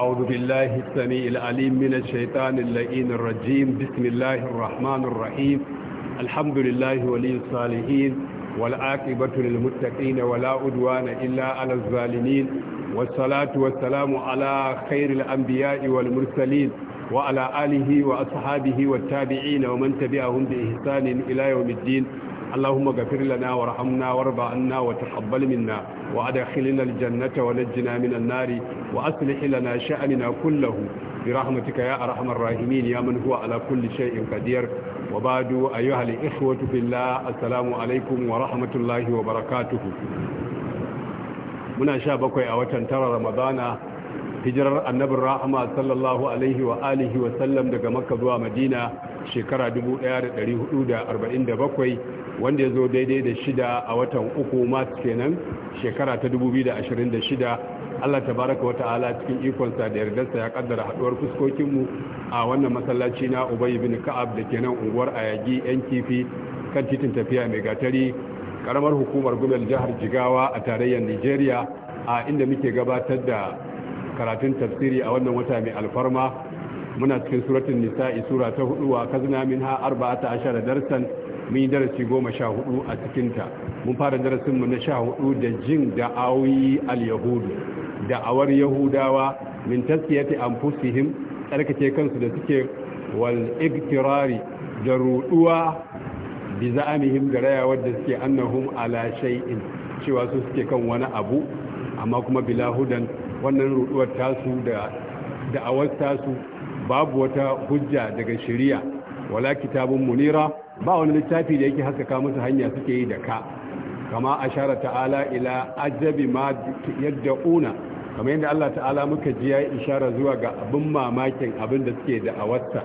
أعوذ بالله السميع العليم من الشيطان اللئين الرجيم بسم الله الرحمن الرحيم الحمد لله ولي الصالحين والعاقبة للمتقين ولا عدوان إلا على الظالمين والصلاة والسلام على خير الأنبياء والمرسلين وعلى آله وأصحابه والتابعين ومن تبعهم بإحسان إلى يوم الدين اللهم اغفر لنا وارحمنا وارض عنا وتقبل منا وادخلنا الجنة ونجنا من النار وأصلح لنا شأننا كله برحمتك يا أرحم الراحمين يا من هو على كل شيء قدير وبعد أيها الإخوة في الله السلام عليكم ورحمة الله وبركاته muna sha bakwai a watan tara ramadana hijirar annabin rahama sallallahu alaihi wa alihi wa sallam daga makka zuwa madina shekara 1447 wanda ya zo daidai da shida a watan uku masu kenan shekara ta 2026 Allah ta baraka wata ala cikin ikonsa da yardarsa ya kaddara haduwar fuskokinmu a wannan masallaci na Ubay bin Ka'ab da kenan unguwar Ayagi yan kifi kan titin tafiya mai gatari karamar hukumar gudun jihar Jigawa a tarayyar Nigeria a inda muke gabatar da karatun tafsiri a wannan wata mai alfarma muna cikin suratun nisa'i sura ta hudu wa ha minha ta ashara darsan mun yi darasi goma sha hudu a cikinta mun fara darasin mu na sha hudu da jin da'awi al-yahudu da'awar yahudawa min tasiyati anfusihim tsarkake kansu da suke wal iktirari da ruduwa bi za'amihim da raya wadda suke annahum ala shay'in cewa su suke kan wani abu amma kuma bila hudan wannan ruduwar tasu da awar tasu babu wata hujja daga shari'a wala kitabun munira ba wani littafi da yake haskaka musu hanya suke yi da ka kama ashara ta'ala ila ajabi ma yadda una kamar yadda Allah ta'ala muka ji ya ishara zuwa ga abin mamakin abin da suke da awarsa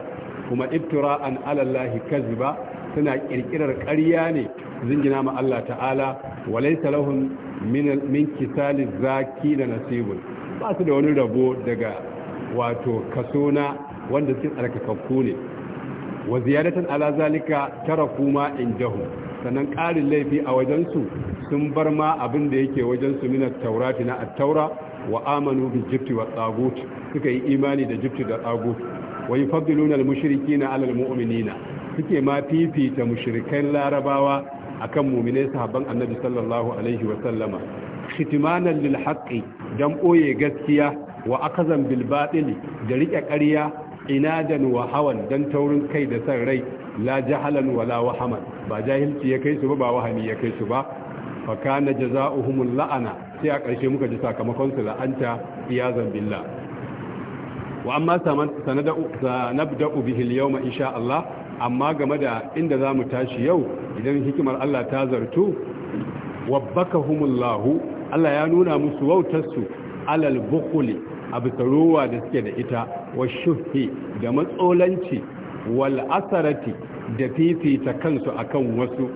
kuma ibtira an alallahi kaziba suna kirkirar ƙarya ne zingina ma Allah ta'ala walaysa lahum min min kisaliz zaki da nasibun ba su da wani rabo daga wato kaso na wanda suke tsarkakakku ne wa ziyadatan ala zalika taraku ma indahum sannan ƙarin laifi a wajensu sun bar ma abin da yake wajensu minar taurati na attaura wa amanu bi jibti wa tsagut suka yi imani da jibti da tsagut wa yufaddiluna al mushiriki na alal muminina suke ma fifita mushrikan larabawa akan mu'minai sahabban annabi sallallahu alaihi wa sallama khitimanan lil haqqi don ɓoye gaskiya wa akazan bil da riƙe ƙarya inadan wa hawan dan taurin kai da san rai la jahalan wala wahaman ba jahilci ya kai su ba ba ya kai su ba fa kana jazaohum la'ana sai a ƙarshe muka ji sakamakon su la'anta iyazan billah wa amma sanada sanabda'u bihi al-yawma insha Allah amma game da inda zamu tashi yau idan hikimar Allah ta zartu wabbakahumullahu Allah ya nuna musu wautarsu alal bukhli a bisa da suke da ita wa shuhi da matsolanci wal asarati da fifita kansu akan wasu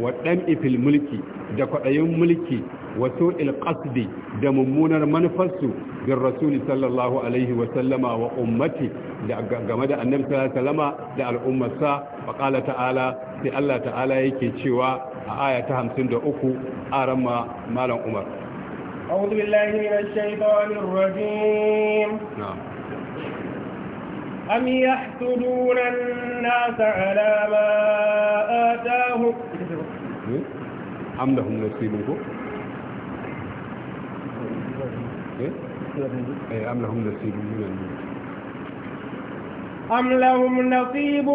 wa dan ifil mulki da kwaɗayin mulki wa su'il qasdi da mummunar manufarsu bin rasuli sallallahu alaihi wa sallama wa ummati da game da annabi sallallahu alaihi da al'ummarsa wa qala ta'ala sai Allah ta'ala yake cewa a aya ta 53 aran malam Umar أعوذ بالله من الشيطان الرجيم نعم أم يحسدون الناس على ما آتاهم أم لهم نصيب أم لهم نصيب من الملك أم لهم نصيب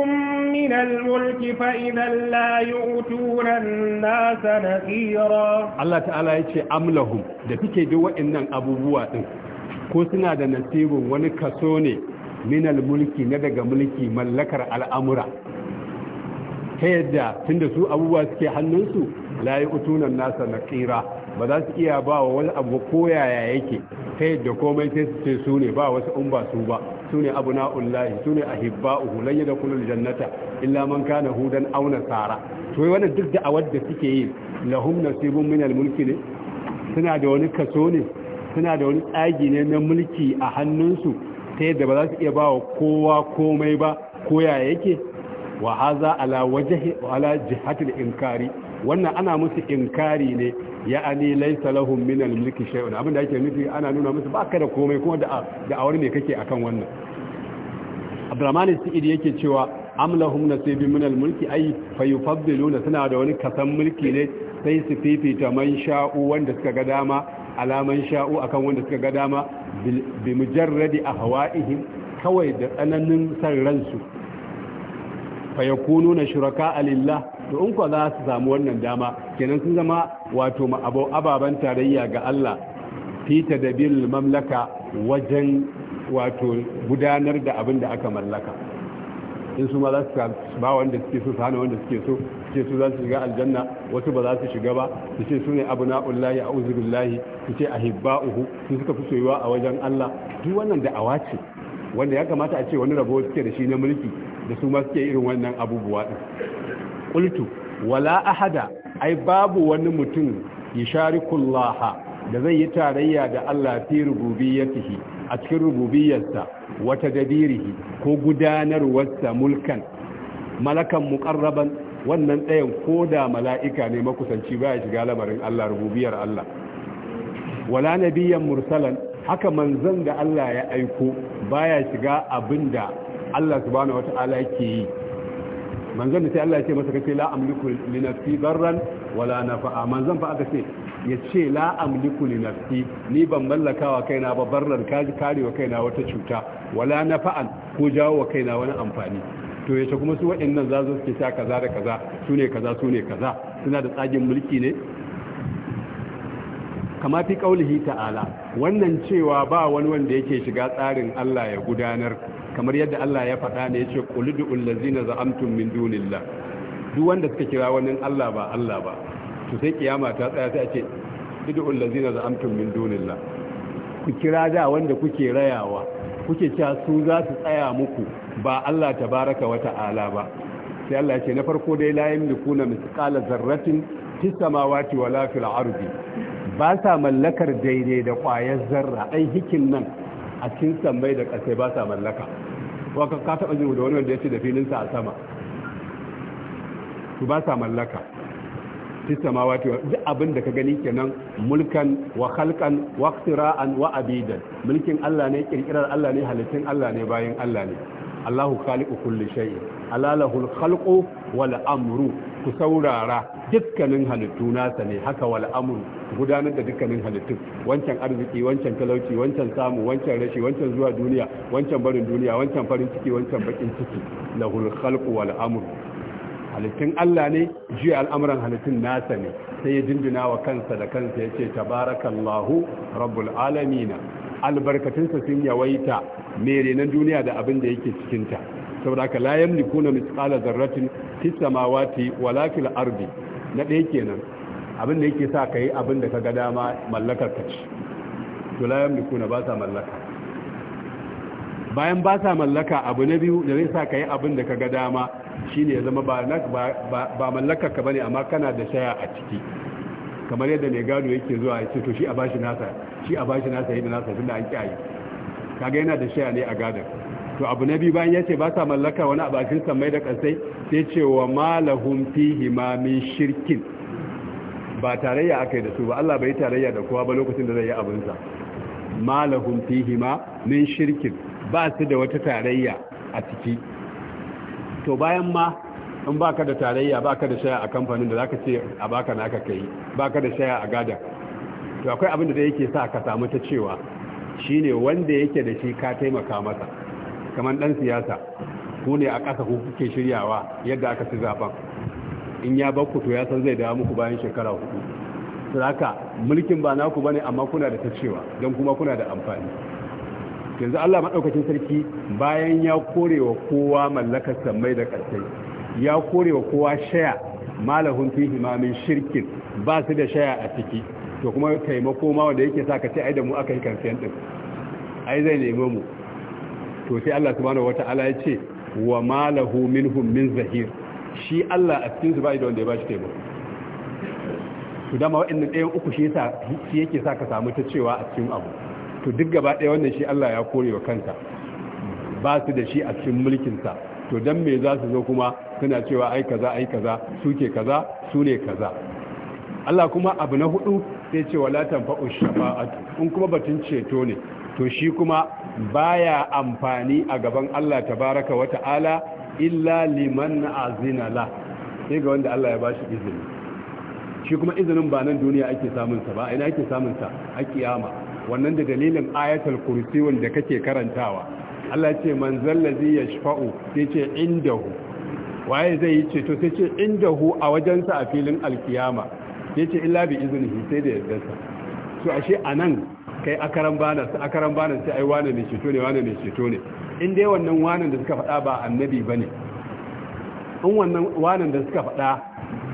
من الملك فإذا لا يؤتون الناس نذيرا الله تعالى يتي أم da fike da wa'annan abubuwa din ko suna da nasibin wani kaso ne min mulki na daga mulki mallakar al'amura ta yadda tunda su abubuwa suke hannunsu la yu'tunan nasa naqira ba za su iya ba wa wani abu koyaya yake ta yadda komai sai su ce su ne ba wasu in ba su ba sune abna'ullahi sune ahibba'uhu lan yadkhulul jannata illa man kana hudan aw nasara to wannan duk da awadda da suke yi lahum nasibun min al-mulki ne suna da wani kaso ne suna da wani tsagi ne na mulki a hannunsu ta yadda ba za su iya wa kowa komai ba ko ya yake wa haza ala wajhi ala jihatil inkari wannan ana musu inkari ne ya'ani laysa lahum min al-mulki shay'un abinda yake nufi ana nuna musu baka da komai kuma da da'awar me kake akan wannan Abdurrahman Sa'id yake cewa am lahum nasibun min al-mulki ay fayufaddiluna suna da wani kasan mulki ne sai su fifita man sha'u wanda suka ga dama alaman sha'u akan wanda suka ga dama bi mujarradi ahwa'ihim kawai da tsananin san ransu fa yakunu shuraka lillah to in kwa za su samu wannan dama kenan sun zama wato ababen tarayya ga Allah fita da bil mamlaka wajen wato gudanar da abin da aka mallaka in su ma za su ba wanda suke so su hana wanda suke so suke so za su shiga aljanna wasu ba za su shiga ba su ce su ne abu na'ullahi a uzubillahi su ce uku su suka fi soyuwa a wajen Allah duk wannan da awa ce wanda ya kamata a ce wani rabo suke da shi na mulki da su ma suke irin wannan abubuwa din qultu wala ahada ai babu wani mutum ya yusharikullaha da zai yi tarayya da Allah fi rububiyyatihi a cikin rububiyyarsa wata dabirihi ko gudanarwarsa mulkan malakan muqarraban wannan ɗayan ko da mala'ika ne makusanci baya shiga lamarin Allah rububiyar Allah wala nabiyyan mursalan haka manzon da Allah ya aiko baya shiga abinda Allah subhanahu wata'ala ke yi manzon da sai Allah ya ce masa kace la amliku li nafsi darran wala nafa'a zan fa aka ce ya ce la amliku li nafsi ni ban mallaka wa kaina ba barran kaji wa kaina wata cuta wala nafa'an ko jawo wa kaina wani amfani to yace kuma su waɗannan za su kaza da kaza su ne kaza su ne kaza suna da tsagin mulki ne kama fi kaulihi ta'ala wannan cewa ba wani wanda yake shiga tsarin Allah ya gudanar kamar yadda Allah ya faɗa ne ya ce du'ul ullazina za'amtum min dunillah duk wanda suka kira wannan Allah ba Allah ba to sai kiyama ta tsaya sai a ce du'ul ullazina za'amtum min dunillah ku kira da wanda kuke rayawa kuke cewa su za su tsaya muku ba Allah tabaraka wa ta'ala ba sai Allah ya ce na farko dai la kuna misqala zarratin fis samawati wala fil ardi ba sa mallakar daidai da ƙwayar zarra ai hikin nan a cikin sammai da ƙasai ba sa mallaka waka ka taɓa jin da wani wanda ya ce da filinsa a sama su ba sa mallaka fi samawa ta duk abin da ka gani kenan mulkan wa khalqan wa iqtira'an wa abidan mulkin Allah ne kirkirar Allah ne halittun Allah ne bayan Allah ne Allahu khaliqu kulli shay'in alalahul khalqu wal amru ku saurara dukkanin halittu nasa ne haka wal gudanar da dukkanin halittu wancan arziki wancan talauci wancan samu wancan rashi wancan zuwa duniya wancan barin duniya wancan farin ciki wancan bakin ciki lahul khalqu wal halittun Allah ne jiya al'amuran halittun nasa ne sai ya jinjina wa kansa da kansa yace ce tabarakallahu rabbul alamina albarkatunsa sun yawaita mere nan duniya da abin da yake cikinta saboda ka la yamlikuna mithqala zarratin fis samawati wala fil ardi na ɗaya kenan abin da yake sa kai abin da ka ga dama mallakar ka ce to la yamlikuna ba sa mallaka bayan ba sa mallaka abu na biyu da zai sa kai abin da ka ga dama shine ya zama ba ba mallakar ka bane amma kana da shaya a ciki kamar yadda mai gado yake zuwa ya ce to shi a bashi nasa shi a bashi nasa yi da nasa tunda an kiyaye kaga yana da shaya ne a gadon to abu na biyu bayan ya ce ba sa mallaka wani abacin samai da kansai sai ce wa malahum fihi ma min shirkin ba tarayya akai da su ba Allah bai tarayya da kowa ba lokacin da zai yi abin sa malahum fihi ma min shirkin ba su da wata tarayya a ciki to bayan ma in baka da tarayya baka da shaya a kamfanin da zaka ce a baka naka kai baka da shaya a gada to akwai abin da yake sa ka samu ta cewa shine wanda yake da shi ka taimaka masa kamar dan siyasa ku ne a ƙasa ku kuke shiryawa yadda aka ci zaben in ya bakku to ya san zai dawo muku bayan shekara hudu haka mulkin ba naku bane amma kuna da tacewa don kuma kuna da amfani yanzu Allah madaukakin sarki bayan ya korewa kowa mallakar sammai da ƙasai ya korewa kowa shaya malahun fihi ma min shirkin ba su da shaya a ciki to kuma taimako ma wanda yake sa ka ce ai da mu aka yi kansiyan din ai zai nemo mu to sai Allah subhanahu wata'ala ya ce wa malahu minhum min zahir shi Allah a cikin su bai da wanda ya bashi taimako to dama wa'annan ɗayan uku shi yasa shi yake sa ka samu ta cewa a cikin abu to duk gaba ɗaya wannan shi Allah ya kore wa kanta, ba su da shi a cikin mulkin sa to dan me za su zo kuma suna cewa ai kaza ai kaza suke kaza su ne kaza Allah kuma abu na hudu sai ce wala tanfa'u shafa'atu in kuma batun ceto ne to shi kuma baya amfani a gaban Allah tabaraka wa ta'ala illa liman azina la sai ga wanda Allah ya bashi izini shi kuma izinin ba nan duniya ake samun sa ba ina ake samun sa a kiyama wannan da dalilin ayatul kursi wanda kake karantawa Allah ce man zallazi yashfa'u sai ce indahu waye zai yi ceto sai ce indahu a wajensa a filin alkiyama ce illa bi iznihi sai da yardarsa to ashe anan kai akaran bana su akaran bana sai ai wane ne ceto ne wane ne ceto ne in dai wannan wanan da suka faɗa ba annabi bane in wannan wanan da suka faɗa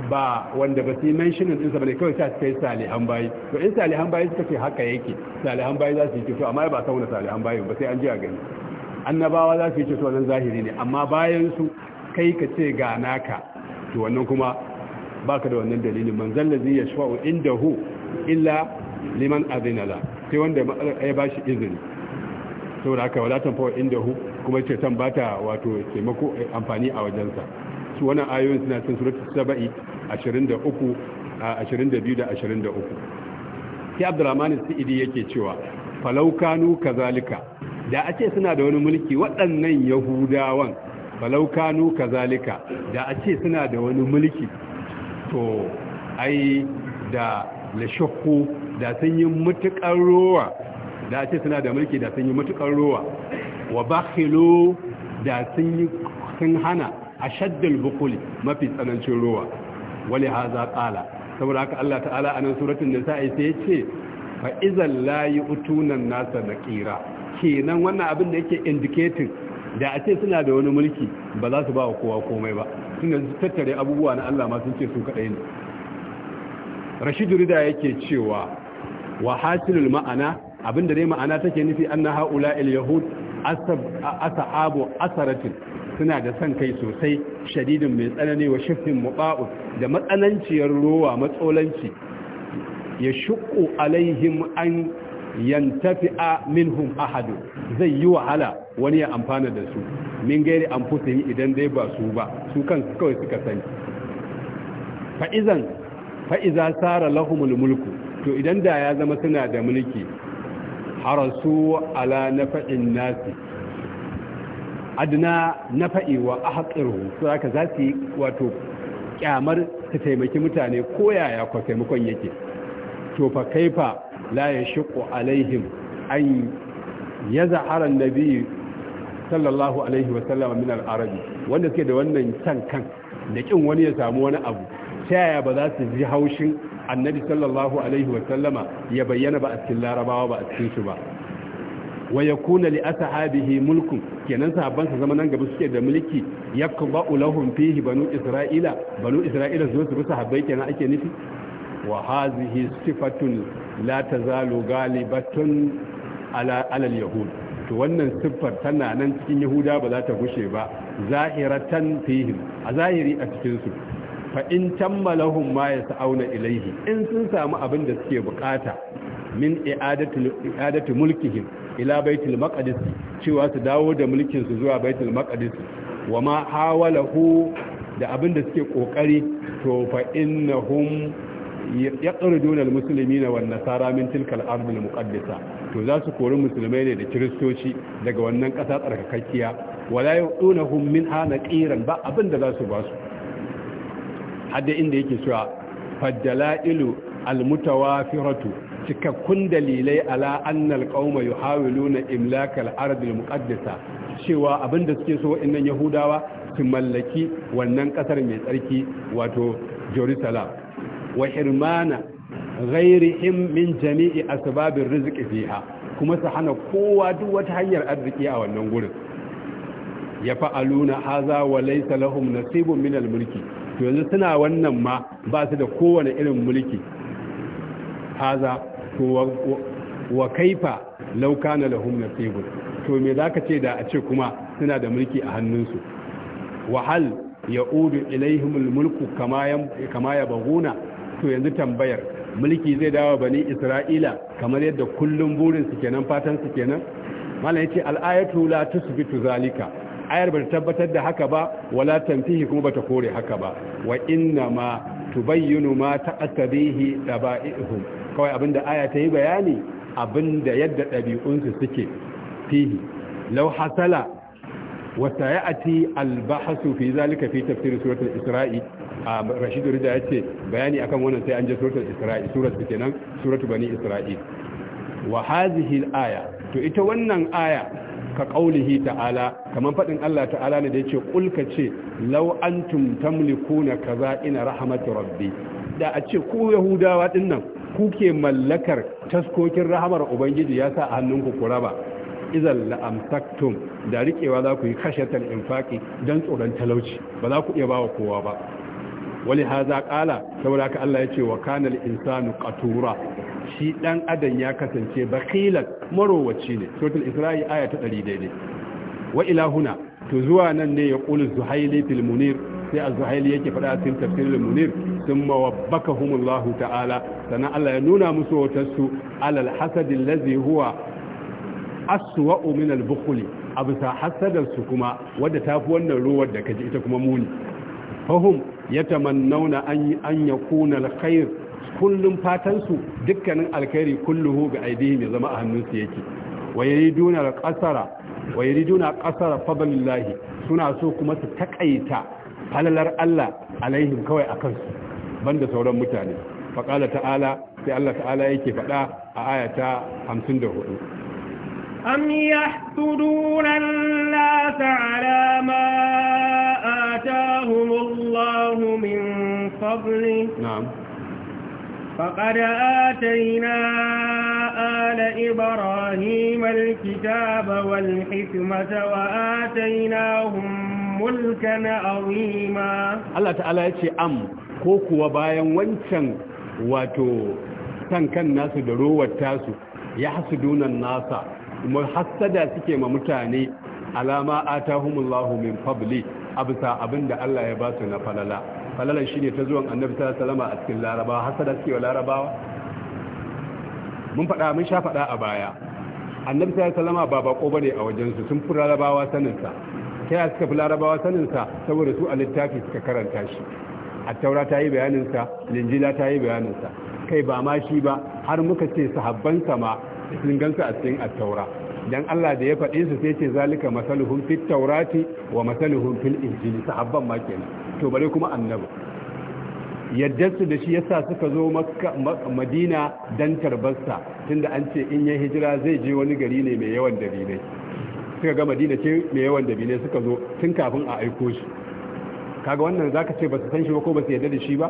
ba wanda ba su yi menshinin ɗinsa ba ne kawai sai kai salihan bayi to in salihan bayi suka ce haka yake salihan bayi za su yi ceto amma ba sauna salihan bayi ba sai an ji a gani annabawa za su yi ceto wannan zahiri ne amma bayan su kai ka ce ga naka to wannan kuma baka da wannan dalilin man zallazi yashfa'u indahu illa liman azinala sai wanda ya ba shi izini saboda haka wadatan fawa inda hu kuma ce tan bata wato taimako eh, amfani a wajensa su wannan ayoyin suna cin suratu saba'i 23 da 22 da 23 sai abdurrahman sa'idi yake cewa falaukanu kazalika da ake suna da wani mulki waɗannan yahudawan falaukanu kazalika da ake suna da wani mulki to ai da lashakku da sun yi matuƙar rowa da ce suna da mulki da sun yi matuƙar rowa wa bakhilu da sun yi sun hana ashaddul mafi tsanancin rowa wali haza qala saboda haka Allah ta'ala a anan suratul nisa'i sai ce fa izal la yu'tunan nasa naqira kenan wannan abin da yake indicating da a ce suna da wani mulki ba za su ba wa kowa komai ba tunda su tattare abubuwa na Allah ma sun ce su kadai ne Rashidu Rida yake cewa wa hasilul ma'ana abinda dai ma'ana take nufi anna haula al yahud Asabu, asaratin suna da san kai sosai shadidin mai tsanani wa shifin muba'u da matsananciyar ruwa matsolanci ya shuku alaihim an yantafi'a minhum ahadu zai yi wahala wani ya amfana da su min gairi an fusayi idan dai ba su ba su kan kawai suka sani fa'izan fa'iza sara lahumul mulku to idan da ya zama suna da mulki harasu ala nafa'in nasi adna nafa'i wa ahqiru to haka za wato kyamar su taimaki mutane ko yaya ko taimakon yake to fa kaifa la yashqu alaihim an yazhara an-nabi sallallahu alaihi wa sallam min al-arabi wanda suke da wannan kan kan da kin wani ya samu wani abu ta yaya ba za su ji haushin annabi sallallahu alaihi wa sallama ya bayyana ba a cikin larabawa ba a cikin su ba wa yakuna li ashabihi mulkun kenan sahabban sa zaman nan gaba suke da mulki yakba'u lahum fihi banu isra'ila banu isra'ila zo su bi sahabbai kenan ake nufi wa hazihi sifatun la tazalu galibatun ala alal yahud to wannan siffar tana nan cikin yahuda ba za ta gushe ba zahiratan fihim a zahiri a cikin su fa in tammalahum ma yas'auna ilaihi, in sun samu abin da suke bukata min i'adatu i'adatu mulkihim ila baitul maqdis cewa su dawo da mulkin su zuwa baitul maqdis wa ma hawalahu da abin da suke kokari to fa innahum yaqriduna almuslimina wan nasara min tilka al-ardh al-muqaddasa to za su kori musulmai ne da kiristoci daga wannan kasa tsarkakakkiya wala yu'tunahum minha naqiran ba abin da za su ba hadda inda yake cewa faddala'ilu almutawafiratu cikakkun dalilai ala annal qauma yuhawiluna imlakal ardil muqaddasa cewa abinda suke so inan yahudawa su mallaki wannan kasar mai tsarki wato jerusalem wa hirmana ghairihim min jami'i asbabir rizqi fiha kuma su hana kowa duk wata hanyar arziki a wannan gurin ya fa'aluna haza wa laysa lahum nasibun min al-mulki to yanzu suna wannan ma ba su da kowane irin mulki haza to wa kaifa lauka na lahum na tebur to me za ce da a ce kuma suna da mulki a hannunsu wahal hal yaudu ilaihimul mulku kama ya baguna to yanzu tambayar mulki zai dawo bani isra'ila kamar yadda kullum burinsu kenan fatansu kenan malam ya ce ayatu la tusbitu zalika ayar ba ta tabbatar da haka ba wala tanfihi kuma ba ta kore haka ba wa inna ma tubayyinu ma taqtabihi daba'ihum kawai abinda aya ta yi bayani abinda yadda ɗabi'unsu suke fihi law hasala wa sayati al-bahsu fi zalika fi tafsir surat al-isra'i Rashid Rida yace bayani akan wannan sai an je al Isra'i surat kenan suratul bani isra'i. wa hadhihi al-aya to ita wannan aya ka qaulihi ta'ala kamar faɗin Allah ta'ala ne da yake kulka ce law antum tamlikuna kaza ina rahmatu rabbi da a ce ku yahudawa dinnan kuke mallakar taskokin rahamar ubangiji ya sa a hannunku ku raba izan la'amtaktum da riƙewa za ku yi kashatar infaki don tsoron talauci ba za ku iya bawa kowa ba wani haza ƙala saboda ka Allah ya ce wa kanal insanu qatura shi dan adam ya kasance bakilat marowaci ne suratul isra'i aya 100 daidai wa ilahuna to zuwa nan ne ya qulu zuhaili fil munir sai a zuhaili yake fada cikin tafsirul munir thumma wabbakahumullahu ta'ala sannan Allah ya nuna musu watarsu alal hasadi allazi huwa aswa'u min al-bukhli abisa hasadarsu kuma wadda tafi wannan ruwar da kaji ita kuma muni fahum yatamannauna an an yakuna al-khair kullum fatansu dukkanin alkhairi kulluhu ga aidihim ya zama a hannunsu yake wa yuriduna qasara wa yuriduna qasara fadlillahi suna so kuma su takaita falalar Allah alaihim kawai akan su banda sauran mutane fa ta'ala sai Allah ta'ala yake faɗa a ayata 54 أم يحسدون الناس على ما آتاهم الله من فضله نعم فقد آتينا آل إبراهيم الكتاب والحكمة وآتيناهم ملكا عظيما الله تعالى يتي أم كوكو وبايا وانشان واتو كان كان ناس دروا التاسو يحسدون الناس محسدا سكي ممتاني على ما آتاهم الله من فضلي أبسا أبند الله يباسنا فللا falalar shi ne ta zuwan annabi ta salama a cikin larabawa hasada suke wa larabawa mun faɗa mun sha faɗa a baya annabi ta salama ba bako bane a wajensu sun fi larabawa saninsa ta yaya suka fi larabawa saninsa saboda su a littafi suka karanta shi a taura ta yi bayaninsa linjila ta yi bayaninsa kai ba ma shi ba har muka ce sahabbansa ma sun gansa a cikin attaura dan Allah da ya faɗi su sai ce zalika masaluhum fit taurati wa masaluhum fil injil sahabban ma kenan to bare kuma annabi Yadda su da shi yasa suka zo makka madina dan tarbarsa tunda an ce in ya hijira zai je wani gari ne mai yawan dabilai suka ga madina ce mai yawan dabilai suka zo tun kafin a aiko shi kaga wannan zaka ce ba su san shi ba ko ba su yarda da shi ba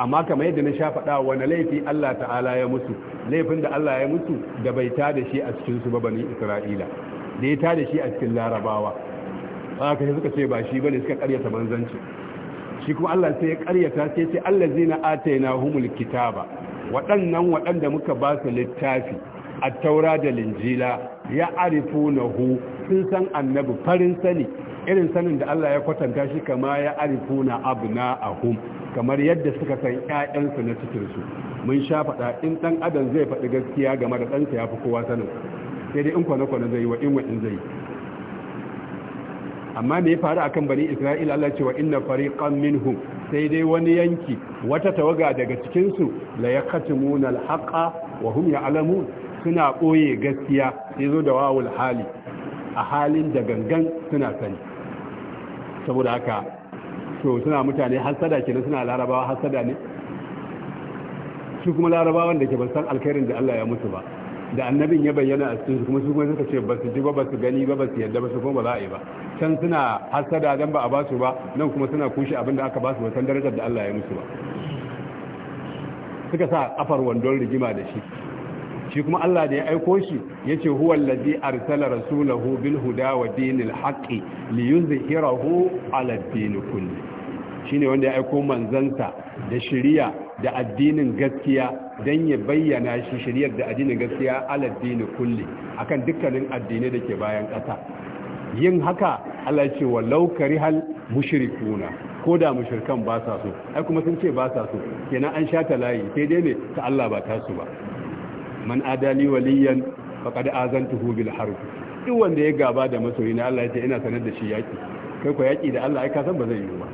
amma kamar yadda na sha faɗa wani laifi Allah ta'ala ya mutu laifin da Allah ya mutu da bai ta da shi a cikin su ba bani Isra'ila da ya ta da shi a cikin Larabawa ba ka shi suka ce ba shi bane suka karyata manzanci shi kuma Allah sai ya karyata sai ce Allah allazina humul kitaba waɗannan waɗanda muka ba su littafi a taura da linjila ya arifu na hu sun san annabi farin sani irin sanin da Allah ya kwatanta shi kama ya arifu na abu na ahum kamar yadda suka san ƴaƴansu na cikinsu mun sha faɗa in ɗan adam zai faɗi gaskiya game da ɗansa ya fi kowa sanin sai dai in kwana kwana zai yi wa in wa zai amma me ya faru akan bani isra'ila Allah cewa inna fariqan minhum sai dai wani yanki wata tawaga daga cikin su la yaqtimuna al-haqa wa hum ya'lamun suna ɓoye gaskiya yazo da wawul hali a halin da gangan suna sani saboda haka to suna mutane hasada kenan suna larabawa hasada ne su kuma larabawan da ke ban san alkhairin da Allah ya mutu ba da annabin ya bayyana a cikin kuma su kuma suka ce ba su ji ba su gani ba ba su yadda ba su kuma ba za a yi ba can suna hasada dan ba a basu ba nan kuma suna kushe abin da aka ba su san darajar da Allah ya mutu ba suka sa kafar wandon rigima da shi shi kuma Allah da ya aiko shi yace huwa allazi arsala rasulahu bil huda wa dinil haqqi li yuzhirahu ala din kulli shine wanda ya aiko manzansa da shari'a da addinin gaskiya dan ya bayyana shi shari'ar da addinin gaskiya ala din kulli akan dukkanin addinai da ke bayan kasa yin haka Allah ce walau karihal mushrikuuna ko da mushrikan ba sa so ai kuma sun ce ba sa so kenan an shata layi sai dai ne ta Allah ba ta su ba man adali waliyan faqad azantuhu bil harb duk wanda ya gaba da masoyina Allah ya ce ina sanar da shi yaki kai ko yaki da Allah ai ka san ba zai yi ba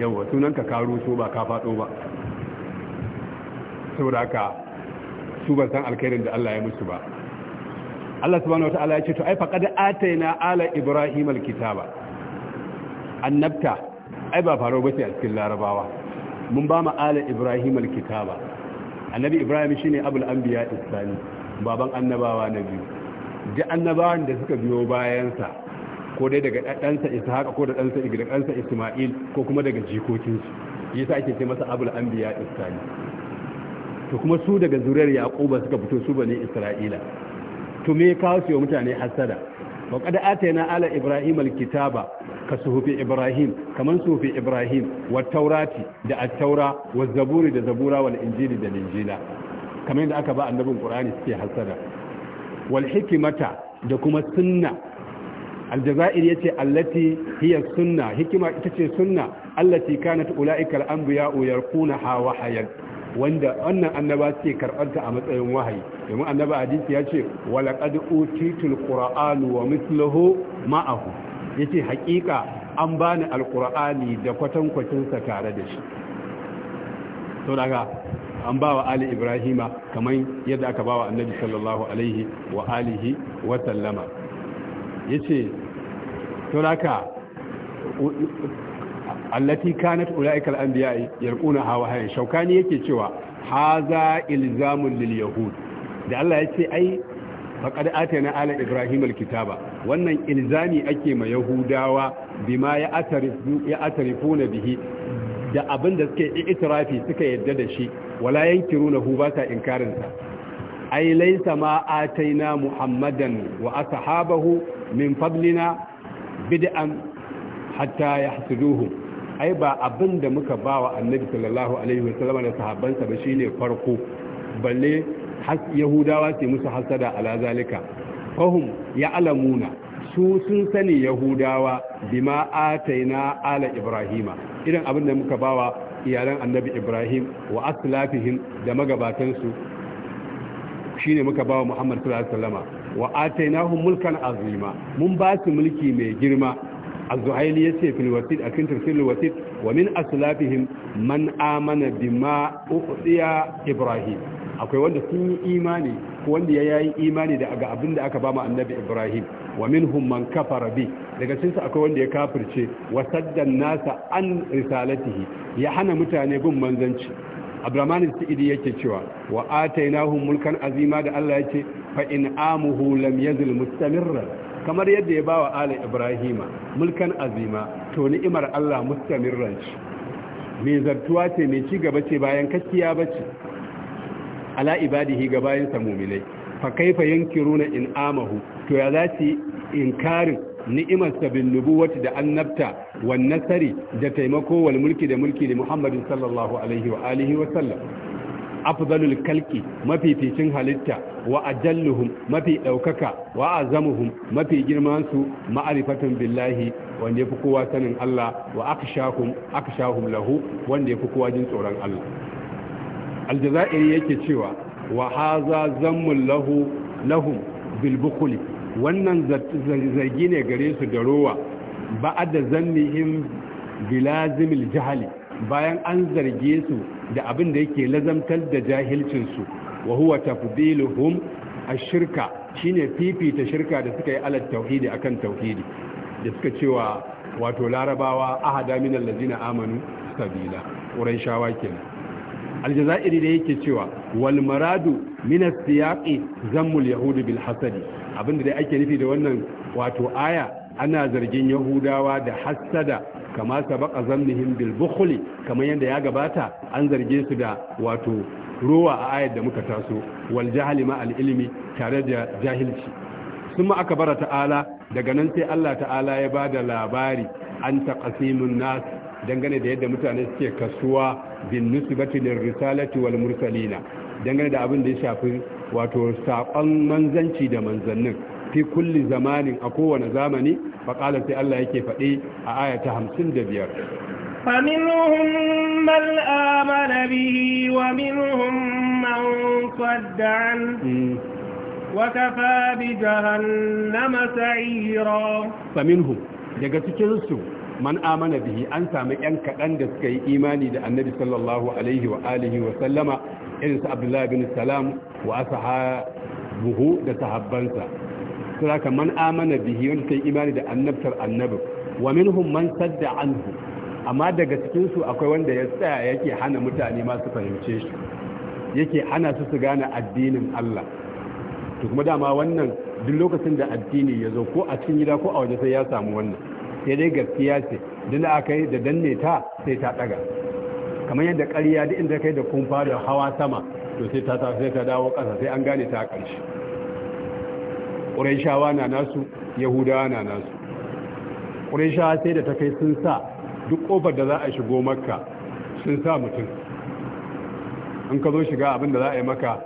yawa sunan ka karu so ba ka fado ba saboda ka su ban san alkhairin da Allah ya musu ba Allah subhanahu wataala ya ce to ai faqad ataina ala ibrahim alkitaba annabta ai ba faro bace a cikin larabawa mun ba ma ala ibrahim alkitaba annabi ibrahim shine abul anbiya isani baban annabawa na biyu da annabawan da suka biyo bayansa ko dai daga ɗansa ishaq ko da ɗansa ɗansa isma'il ko kuma daga jikokinsu yasa ake ce masa abul anbiya isani to kuma su daga zuriyar yaquba suka fito su bane isra'ila to me ya kawo mutane hasada wa qad atayna ala ibrahim alkitaba ka suhufi ibrahim kaman suhufi ibrahim wa taurati da at-taura wa zaburi da zabura injili da linjila kamar yadda aka ba annabin ƙur'ani suke hasada wal da kuma sunna aljazair yace allati hiya sunna hikima ita ce sunna allati kanat ulaika al-anbiya'u yarqunaha wanda wannan annaba ce karɓarta a matsayin wahayi domin annaba hadisi ya ce walaƙad utitul qur'anu wa misluhu ma'ahu yace haƙiƙa an bani alqur'ani da kwatankwacin tare da shi to daga an ba wa ali ibrahima kamar yadda aka ba wa annabi sallallahu alaihi wa alihi wa sallama yace to daga allati kanat ulaika al-anbiya yarquna hawa hayy shaukani yake cewa haza ilzamun lil yahud da Allah ya ce ai faqad atana ala ibrahim al-kitaba wannan ilzami ake ma yahudawa bima ya atarifu ya atarifuna bihi da abin da suke itirafi suka yadda da shi wala yankirunahu ba ta inkarin sa ai laysa ma ataina muhammadan wa ashabahu min fadlina bid'an hatta yahsuduhum ai ba abin da muka ba wa annabi sallallahu alaihi wasallam da sahabbansa ba shine farko balle yahudawa ce musu hasada ala zalika fahum ya alamuna su sun sani yahudawa bima ataina ala ibrahima irin abin da muka bawa iyalan annabi ibrahim wa aslafihim da magabatansu shine muka bawa muhammad sallallahu alaihi wasallama wa atainahum mulkan azima mun ba su mulki mai girma az-zuhaili yace fil wasit akin tafsirul wasit wa min aslafihim man amana bima uqtiya ibrahim akwai wanda imani ko ya yi imani da ga abin aka ba annabi ibrahim wa minhum man kafara bi daga cikinsu akwai wanda ya kafirce wa nasa an risalatihi ya hana mutane bin manzanci abdurrahman sa'idi yake cewa wa atainahum mulkan azima da Allah yake fa in amuhu lam yazil mustamirra kamar yadda ya ba wa ala ibrahima mulkan azima to ni'imar Allah mustamir ranci mai zartuwa ce mai ci gaba ce bayan kakkiya bace ala ibadihi ga bayan sa mu'minai fa kaifa yankiruna amahu, to ya zaci inkarin ni'imar sabin nubuwati da annabta wan nasari da taimako wal mulki da mulki da Muhammadin sallallahu alaihi wa alihi wa sallam afdalul kalki mafificin halitta wa ajalluhum mafi daukaka wa azamuhum mafi girman su ma'rifatan billahi wanda yafi kowa sanin Allah wa akshahum akshahum lahu wanda yafi kowa jin tsoron Allah aljazairi yake cewa wa haza zammul lahu lahum bil bukhli wannan zargi ne gare su da rowa ba'ada zannihim bilazimil jahali bayan an zarge su da abin da yake lazamtar da jahilcinsu wa huwa tafdiluhum ash-shirka shine fifita shirka da suka yi alal tauhidi akan tauhidi da suka cewa wato larabawa ahada min allazina amanu sabila shawa kenan aljazairi da yake cewa wal maradu min as-siyaqi zammul yahudi bil hasadi abinda dai ake nufi da wannan wato aya ana zargin yahudawa da hassada kama sabaka zannihim bil bukhli kamar yadda ya gabata an zarge su da wato ruwa a ayar da muka taso wal jahli ma al ilmi tare da jahilci aka bara ta'ala daga nan sai Allah ta'ala ya bada labari an taqsimun nas dangane da yadda mutane suke kasuwa bin nisbati lir risalati wal mursalina dangane da abin da ya shafi wato saƙon manzanci da manzannin fi kulli zamanin a kowane zamani faƙala sai Allah yake faɗi a aya ta hamsin da biyar فمنهم من آمن به ومنهم من صد عنه وكفى بجهنم سعيرا فمنهم daga cikinsu man amana bihi an samu ‘yan kaɗan da suka yi imani da annabi sallallahu alaihi wa irinsu abdullahi bin salam buhu da sahabbansa saboda man amana bihi wanda ta yi imani da annabtar annabi wa minhum man sadda anhu amma daga cikin su akwai wanda ya tsaya yake hana mutane masu fahimce shi yake hana su su gane addinin Allah to kuma dama wannan duk lokacin da addini ya zo ko a cikin gida ko a waje sai ya samu wannan sai dai gaskiya ce duk aka kai da danne ta sai ta daga kamar yadda ƙarya duk inda kai da kumfa da hawa sama to sai ta sai ta dawo ƙasa sai an gane ta ƙarshe ƙuraishawa na nasu yahudawa na nasu ƙuraishawa sai da ta kai sun sa duk ƙofar da za a shigo makka sun sa mutum in ka zo shiga abin da za a yi maka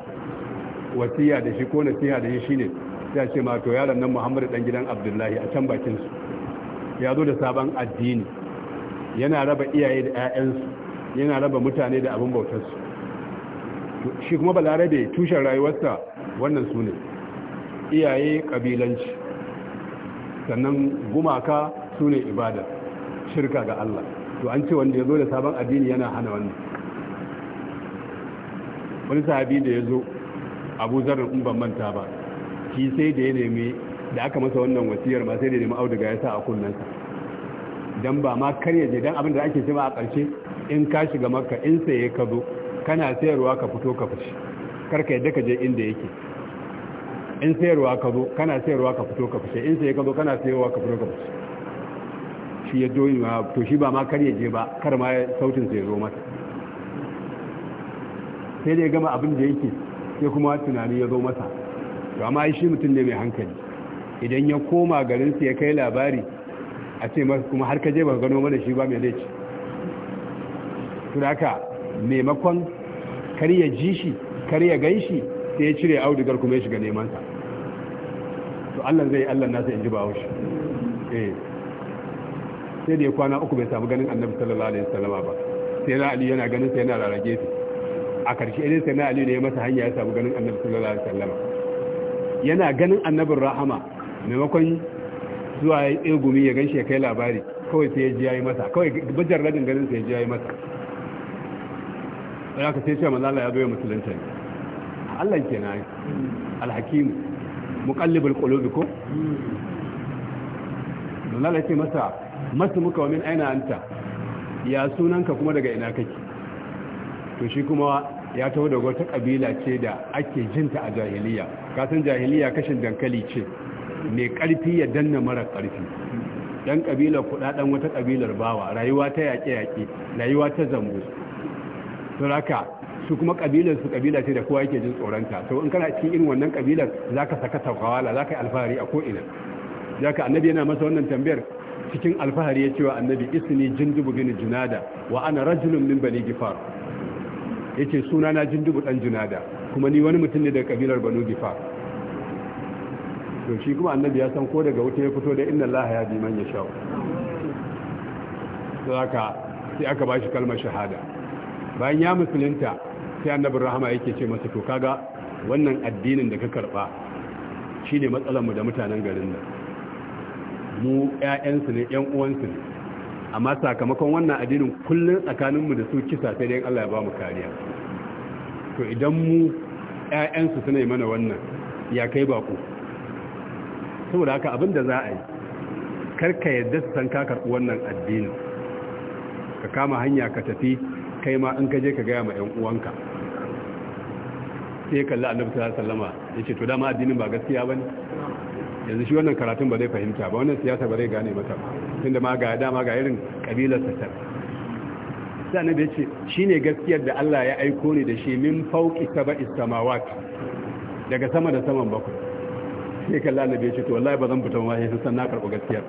wasiya da shi ko nasiha da shi shine ya ce ma to yaron nan muhammadu dan gidan abdullahi a can bakinsu ya zo da sabon addini yana raba iyaye da 'ya'yansu yana raba mutane da abin bautarsu shi kuma balarabe tushen rayuwarsa wannan su ne iyaye kabilanci sannan gumaka su ne ibada shirka ga Allah to an ce wanda ya zo da sabon addini yana hana wannan wani sahabi da ya zo abu zarar in ban manta ba shi sai da ya nemi da aka masa wannan wasiyar ma sai da nemi auduga ya sa a kunnansa dan ba ma kar je dan abin da ake cewa a ƙarshe in ka shiga maka in saye ka zo kana sayarwa ka fito ka fushi kar ka yadda ka je inda yake in sayarwa ka zo kana sayarwa ka fito ka fice in sai ka zo kana sayarwa ka fito ka fice shi ya doyi ma to shi ba ma kar ya je ba kar ma sautin sai zo mata sai da ya gama abin da yake sai kuma tunani ya zo masa to amma shi mutum ne mai hankali idan ya koma garinsa ya kai labari a ce kuma har ka je ba gano mana shi ba mai laici to haka maimakon kar ya ji shi kar ya gan shi sai ya cire audugar kuma ya shiga neman sa to Allah zai Allah nasa in ji ba haushi eh sai da ya kwana uku bai samu ganin Annabi sallallahu alaihi wasallam ba sai na Ali yana ganin sa yana rarrage shi a karshe idan sai na Ali ne ya masa hanya ya samu ganin Annabi sallallahu alaihi wasallam yana ganin Annabin rahama maimakon zuwa ya yi gumi ya ganshi ya kai labari kawai sai ya ji yayi masa kawai bajar radin ganin sai ya ji yayi masa sai aka sai ce ma Allah ya zo ya musulunta ne Allah ke na alhakimu muqallibul qulubi ko don Allah ce masa masu muka wa min aina anta ya sunanka kuma daga ina kake to shi kuma ya taho daga wata kabila ce da ake jinta a jahiliya kasan jahiliya kashin dankali ce mai ƙarfi ya danna mara karfi dan kabilar kuɗaɗen wata kabilar bawa rayuwa ta yaƙe-yaƙe rayuwa ta zambu suraka su kuma kabilar su kabila ce da kowa yake jin tsoronta to in kana cikin irin wannan kabilar zaka saka tawala zaka yi alfahari a ko ina zaka annabi yana masa wannan tambayar cikin alfahari ya cewa annabi isni jindubu bin junada wa ana rajulun min bani gifar yace suna na jindubu dan junada kuma ni wani mutum ne daga kabilar banu gifar to shi kuma annabi ya san ko daga wuta ya fito da inna allaha ya bi man yasha zaka sai aka bashi kalmar shahada bayan ya musulunta sai annabin rahama yake ce masa to kaga wannan addinin da ka karba shine matsalar mu da mutanen garin nan mu 'ya'yansu ne ƴan uwansu ne amma sakamakon wannan addinin kullum tsakanin mu da su kisa sai dai Allah ya ba mu kariya to idan mu 'ya'yansu suna yi mana wannan ya kai bako saboda haka abin da za a yi karka yadda su san ka karɓi wannan addinin ka kama hanya ka tafi kai ma in ka je ka gaya ma yan uwanka sai kalla annabi sallallahu alaihi wasallama yace to dama addinin ba gaskiya bane yanzu shi wannan karatun ba zai fahimta ba wannan siyasa ba zai gane mata tunda ma ga dama ga irin kabilar sa sai annabi yace shine gaskiyar da Allah ya aiko ni da shi min fawqi sab'is samawati daga sama da saman bakwai sai kalla annabi yace to wallahi ba zan fita ma sai san na karɓi gaskiyar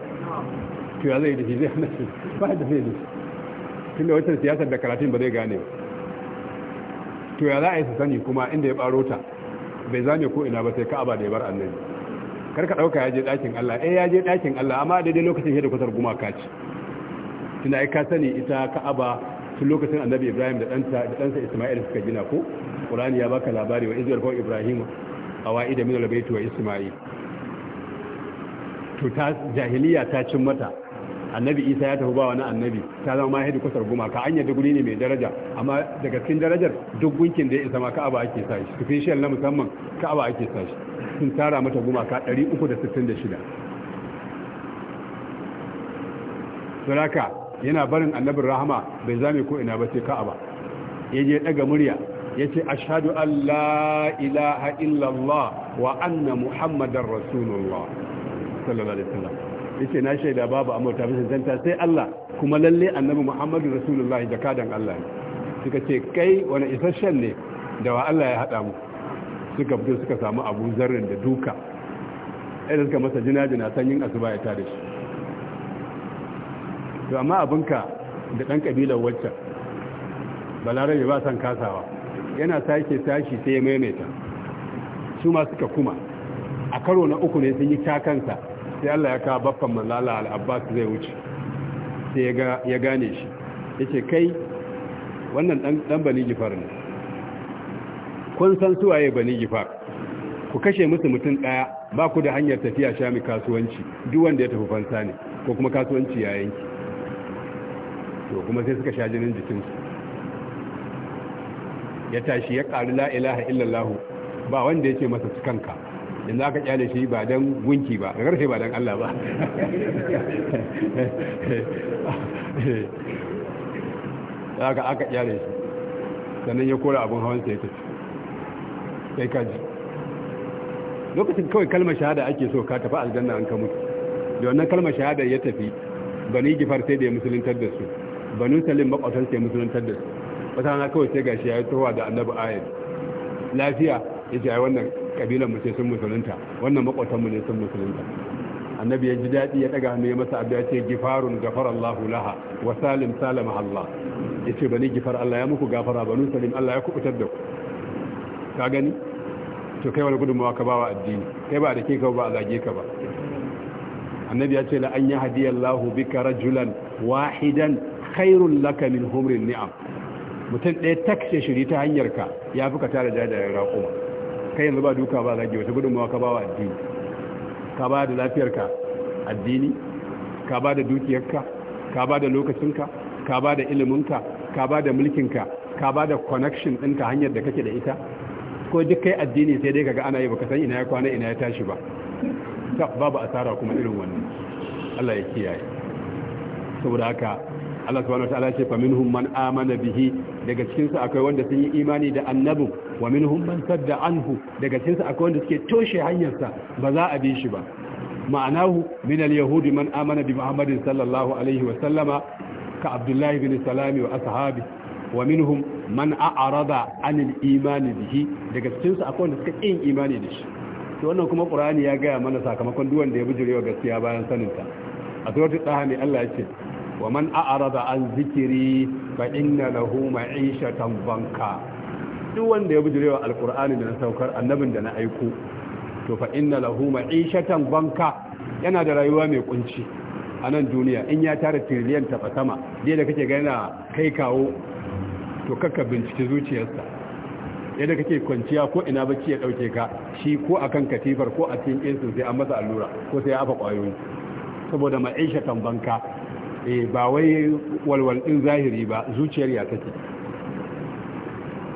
to ya zai yi da shi zai hana shi ba da zai yi tunda wancan siyasar da karatun ba zai gane ba, to ya za a yi su sani kuma inda ya baro ta bai zame ko ina ba sai ka'aba da ya bar annabi karka ɗauka ya je dakin Allah eh ya je dakin Allah amma daidai lokacin yadda kusar gumaka ce tunda ai ka sani ita ka'aba tun lokacin annabi Ibrahim da ɗansa da Isma'il suka gina ko Qur'ani ya baka labari wa izil kawai Ibrahim a da min al-bayt wa Isma'il to ta jahiliya ta cin mata annabi isa ya tafi ba wani annabi ta zama ma hedi kusur gumaka an yadda guri ne mai daraja amma daga cikin darajar duk gunkin da ya isa ma ka'aba ake sa shi official na musamman ka'aba ake sa shi sun tara mata gumaka 366 suraka yana barin annabin rahama bai zame ko ina ba sai ka'aba ya je daga murya ya ce ashadu an la ilaha illallah wa anna muhammadan rasulullah sallallahu alaihi wasallam yake na shaida babu ta bisa zanta sai Allah kuma lalle annabi Muhammadu Rasulullahi kadan Allah ne suka ce kai wani isasshen ne da wa Allah ya haɗa mu suka fito suka samu Abu Zarrin da duka idan suka masa yin sanyin asuba ya tare shi to amma abinka da dan kabilar waccan balarabe ba san kasawa yana sake tashi sai ya maimaita su ma suka kuma a karo na uku ne sun yi takansa sai Allah ya kawo baffan manzala al zai wuce sai ya gane shi ya ce kai wannan dan bani gifar ne kun san suwaye bani gifar ku kashe musu mutum ɗaya ba ku da hanyar tafiya shami kasuwanci duk wanda ya tafi fansa ne ko kuma kasuwanci ya yanki to kuma sai suka sha jinin jikinsu ya tashi ya ƙari la ilaha ba wanda ya ce masa cikanka yanzu aka kyale shi ba dan gunki ba ƙarfe ba dan Allah ba aka aka kyale shi sannan ya kora abun hawan sai ta sai kaji lokacin kawai kalmar shahada ake so ka tafi aljanna an ka mutu da wannan kalmar shahada ya tafi bani gifar sai da ya musuluntar da su banu salim makwatar sai musuluntar da su wata hana kawai sai gashi ya yi towa da annabi ayat lafiya ya ce ai wannan kabilan mu ce sun musulunta wannan makwatan mu ne sun musulunta annabi ya ji daɗi ya ɗaga hannu ya masa abu ya ce gifarun gafar Allahu laha wa salim salama Allah ya ce bani gifar Allah ya muku gafara banu salim Allah ya kubutar da ku ka gani to kai wani gudunmawa ka bawa addini kai ba da ke ka ba a zage ka ba annabi ya ce la an yi hadiyallahu bika rajulan wahidan khairun laka min humrin ni'am mutum ɗaya takshe shiri ta hanyarka ya fi ka da jajayen raƙuma Ka yanzu ba duka ba zage wata gudunmawa ka ba wa addini ka ba da lafiyarka addini ka ba da dukiyarka ka ba da lokacinka ka ba da iliminka ka ba da mulkinka ka ba da connection ɗinka hanyar da kake da ita ko duk kai addini sai dai kaga ana yi baka san ina ya kwana ina ya tashi ba babu asara kuma irin wannan Allah ya kiyaye saboda haka Allah subhanahu wa ta'ala ce fa minhum man amana bihi daga cikin akwai wanda sun yi imani da annabu wa minhum man sadda anhu daga cikin su akwai wanda suke toshe hanyarsa ba za a bi shi ba ma'anahu min al-yahudi man amana bi muhammadin sallallahu alaihi wa sallama ka abdullahi bin salami wa ashabi wa minhum man a'rada an al-iman bihi daga cikin su akwai wanda suka yi imani da shi to wannan kuma qur'ani ya ga mana sakamakon duwan da ya bujurewa gaskiya bayan ta a suratul tsaha ne Allah ya ce wa man a'rada an zikiri fa inna lahu ma'ishatan banka duk wanda ya bujurewa alqur'ani da na saukar annabin da na aiko to fa inna lahu ma'ishatan banka yana da rayuwa mai kunci a nan duniya in ya tara tiriliyan tafa sama da kake gani na kai kawo to kakka bincike zuciyarsa yadda kake kwanciya ko ina bacci ya dauke ka shi ko akan katifar ko a cikin insu sai an masa allura ko sai ya afa kwayoyi saboda ma'ishatan banka. Eh, ba wai walwal din zahiri ba zuciyar ya take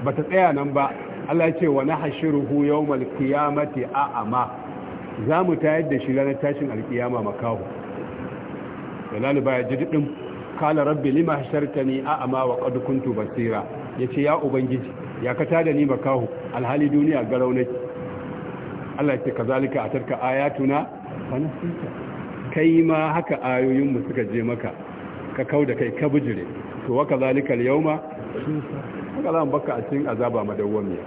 bata tsaya nan ba Allah ya ce wa nahshuruhu yawmal qiyamati a'ama zamu tayar da shi ranar tashin alkiyama makahu dalal ba ya jidin kala rabbi lima hashartani a'ama wa qad kuntu basira yace ya ubangiji ya ka tada ni makahu alhali duniya garau nake Allah ya ce kazalika atarka ayatuna fa nasita kai ma haka ayoyinmu suka je maka ka kau da kai ka bujire to waka zalikal yauma haka za mu baka a cikin azaba madawwami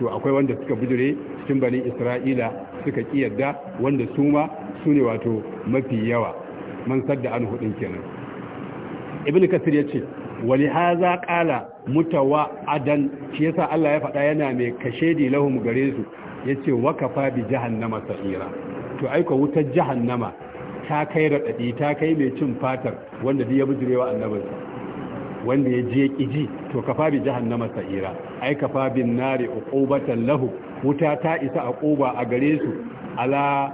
to akwai wanda suka bujire cikin bani isra'ila suka ki yadda wanda su ma su ne wato mafi yawa man sadda an hudin kenan ibnu kasir yace wali haza qala mutawa adan shi yasa Allah ya faɗa yana mai kashedi lahum gare su yace wakafa bi jahannama sa'ira to aika wutar jahannama ta kai raɗaɗi ta kai mai cin fatar wanda ya bujirewa annabinsa wanda ya je ƙiji to kafa bi jahannama sa'ira ai kafa bin nari uqubatan lahu wuta ta isa a gare su ala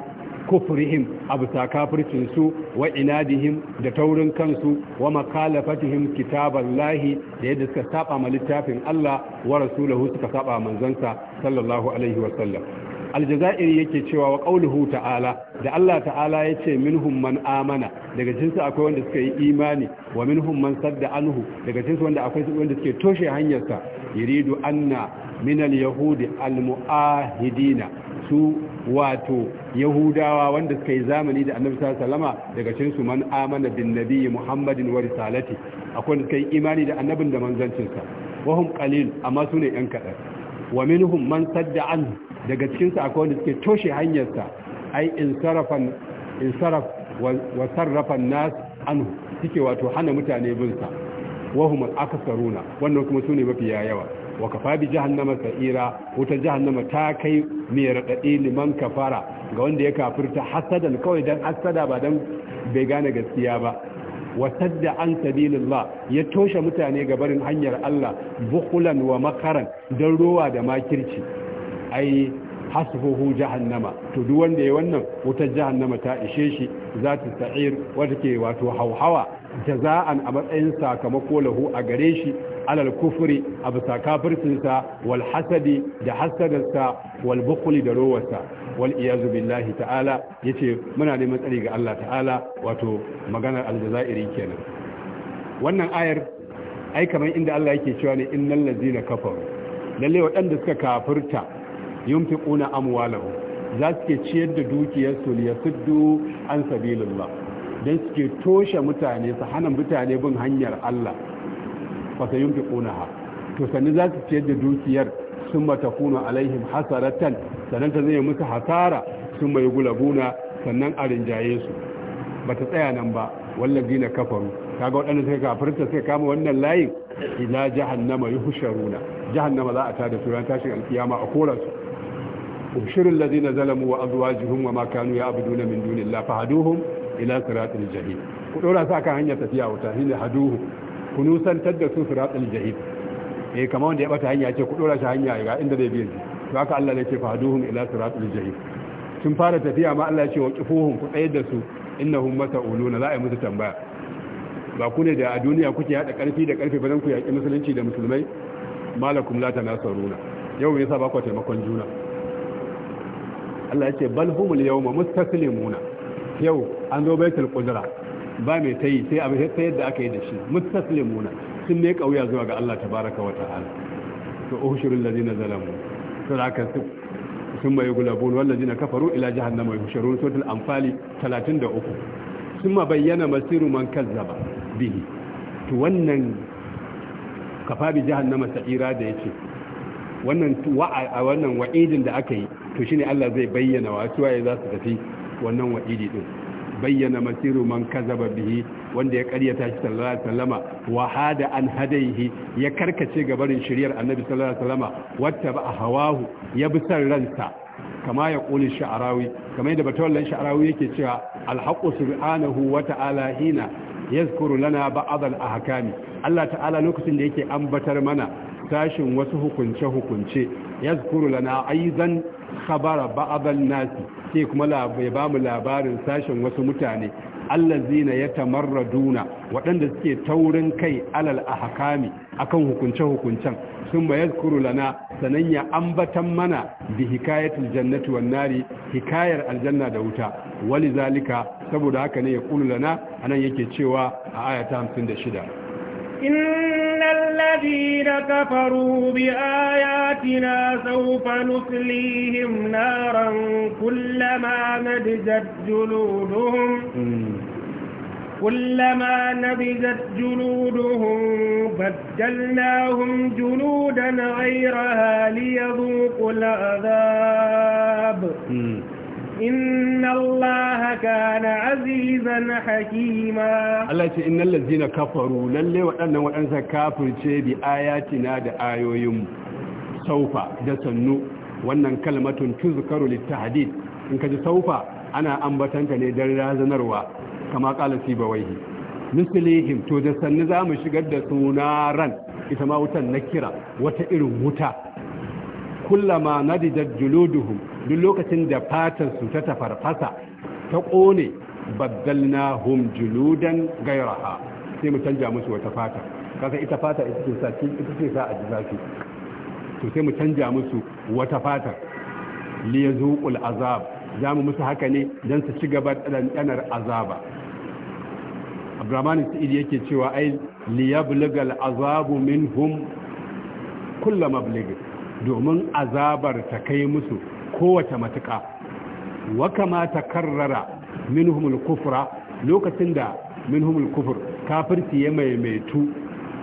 kufrihim abusa kafircin su wa inadihim da taurin kansu wa kitabar lahi da yadda suka saba ma littafin Allah wa rasulahu suka saba manzansa sallallahu alaihi wa sallam aljazairi yake cewa wa qauluhu ta'ala da Allah ta'ala yace minhum man amana daga jinsu akwai wanda suka yi imani wa minhum man sadda anhu daga jinsu wanda akwai wanda suke toshe hanyarsa yuridu anna min al-yahudi al su wato yahudawa wanda suka yi zamani da annabi sallama daga cikin su man amana bin nabiyyi muhammadin wa risalati akwai wanda suka yi imani da annabin da manzancinsa wahum qalil amma sune yan kadan wa minhum man sadda an daga cikin su akwai wanda suke toshe hanyarsa ai insarafan insaraf wa sarrafan nas anhu suke wato hana mutane bin sa wa hum al wannan kuma sune mafi yawa wa kafa bi jahannama sa'ira wata jahannama ta kai mai radadi liman kafara ga wanda ya kafirta hasadan kawai dan hasada ba dan bai gane gaskiya ba wa sadda an sabilillah ya toshe mutane ga barin hanyar Allah bukulan wa makaran don rowa da makirci ai hasbuhu jahannama to duk wanda ya wannan wutar jahannama ta ishe shi za ta sa'ir wata ke wato hauhawa jaza'an a matsayin sakamako lahu a gare shi alal kufri a bisa kafircinsa wal hasadi da hasadarsa wal bukuli da rowarsa wal iyazu billahi ta'ala yace muna neman tsari ga Allah ta'ala wato maganar aljazairi kenan wannan ayar ai kaman inda Allah yake cewa ne innal ladina kafaru lalle waɗanda suka kafirta yumfiquna amwalahum za su ke ciyar da dukiyar su ne liyasuddu an sabilillah dan suke toshe mutane su hana mutane bin hanyar Allah fa ha, to sanin za su ciyar da dukiyar sun kuna alaihim hasaratan sannan ta zai musu hasara sun mai gulabuna sannan a rinjaye su ba ta tsaya nan ba wallazi na kafaru kaga waɗanda suka kafirta suka kama wannan layin ila jahannama yuhsharuna jahannama za a tada su ran tashin alkiyama a kora su abu الذين min وأزواجهم وما كانوا يعبدون من دون الله فهدوهم إلى صراط الجحيم كدورا wuta هنيا haduhu وتهين هدوهم كنوسا تدسوا صراط الجحيم eh kamar wanda ya bata hanya ce ku dora shi hanya ga inda zai biye to haka Allah ne ke faduhum ila siratul jahim sun fara tafiya ma Allah ya ce wa qifuhum ku tsayar da su innahum mas'uluna za a yi musu tambaya ba ku ne da a duniya kuke hada karfi da karfi bazan ku yaki musulunci da musulmai malakum la tanasaruna yau me yasa ba ku taimakon juna Allah ya ce bal humul yawma mustaslimuna yau an zo baitul qudra ba mai tayi sai abin sai yadda aka yi da shi mustaslimuna sun ne kauya zuwa ga Allah tabaraka wa ta'ala to ushurul ladina zalamu to haka su sun mai gulabun ladina kafaru ila jahannama yushurun suratul anfali 33 summa bayyana masiru man kazzaba bihi to wannan kafa bi jahannama sa'ira da yace wannan a wannan wa'idin da aka yi to shine Allah zai bayyana wa suwaye za su tafi wannan wa'idi din bayyana masiru man kazaba bihi wanda ya karyata shi sallallahu alaihi wasallama wa hada an hadaihi ya karkace ga barin shiriyar annabi sallallahu alaihi wasallama wata ba hawahu ya bi san ransa kama ya kuli sha'arawi kama yadda batawallan sha'arawi yake cewa alhaqu subhanahu wa ta'ala hina yazkuru lana ba'd al-ahkami Allah ta'ala lokacin da yake ambatar mana tashin wasu hukunce hukunce yazkuru lana aidan khabara ba'd an-nasi sai kuma ya ba mu labarin sashen wasu mutane Allah ya allazina duna waɗanda suke taurin kai alal a hakami akan hukunce hukuncen sun ba yadhkuru lana sanan ya ambatan mana bi hikayatul jannati wan nari hikayar aljanna da wuta zalika saboda haka ne ya qulu lana anan yake cewa a aya ta 56 الذين كفروا بآياتنا سوف نسليهم نارا كلما نبزت جلودهم كلما نبزت جلودهم بدلناهم جلودا غيرها ليذوقوا العذاب إن الله كان عزيزا حكيما الله يقول إن waɗannan كفروا للي وأنا وأنسى كافر شيء da ayoyin آيوهم da sannu, wannan kalmatun tuzkaru littahdid in kaji saufa ana ambatanta ne dan razanarwa kama qala sibawaihi mislihim to da sanni zamu shigar da sunaran ita ma wutan nakira wata irin wuta kullama nadidat juluduhum duk lokacin da fatan su ta tafarfasa ta kone hum juludan gairaha sai mu canja musu wata fata kaga ita fata ita ce sa ita ce sa a ji zafi to sai mu canja musu wata fata li yazuqul azab za mu musu haka ne dan su ci gaba da azaba abdurrahman sa'id yake cewa ai li yablagal azabu minhum kullama mabligh domin azabar ta kai musu kowace matuka wa kamata karrara minhumul kufra lokacin da minhumul kufur kafirci ya maimaitu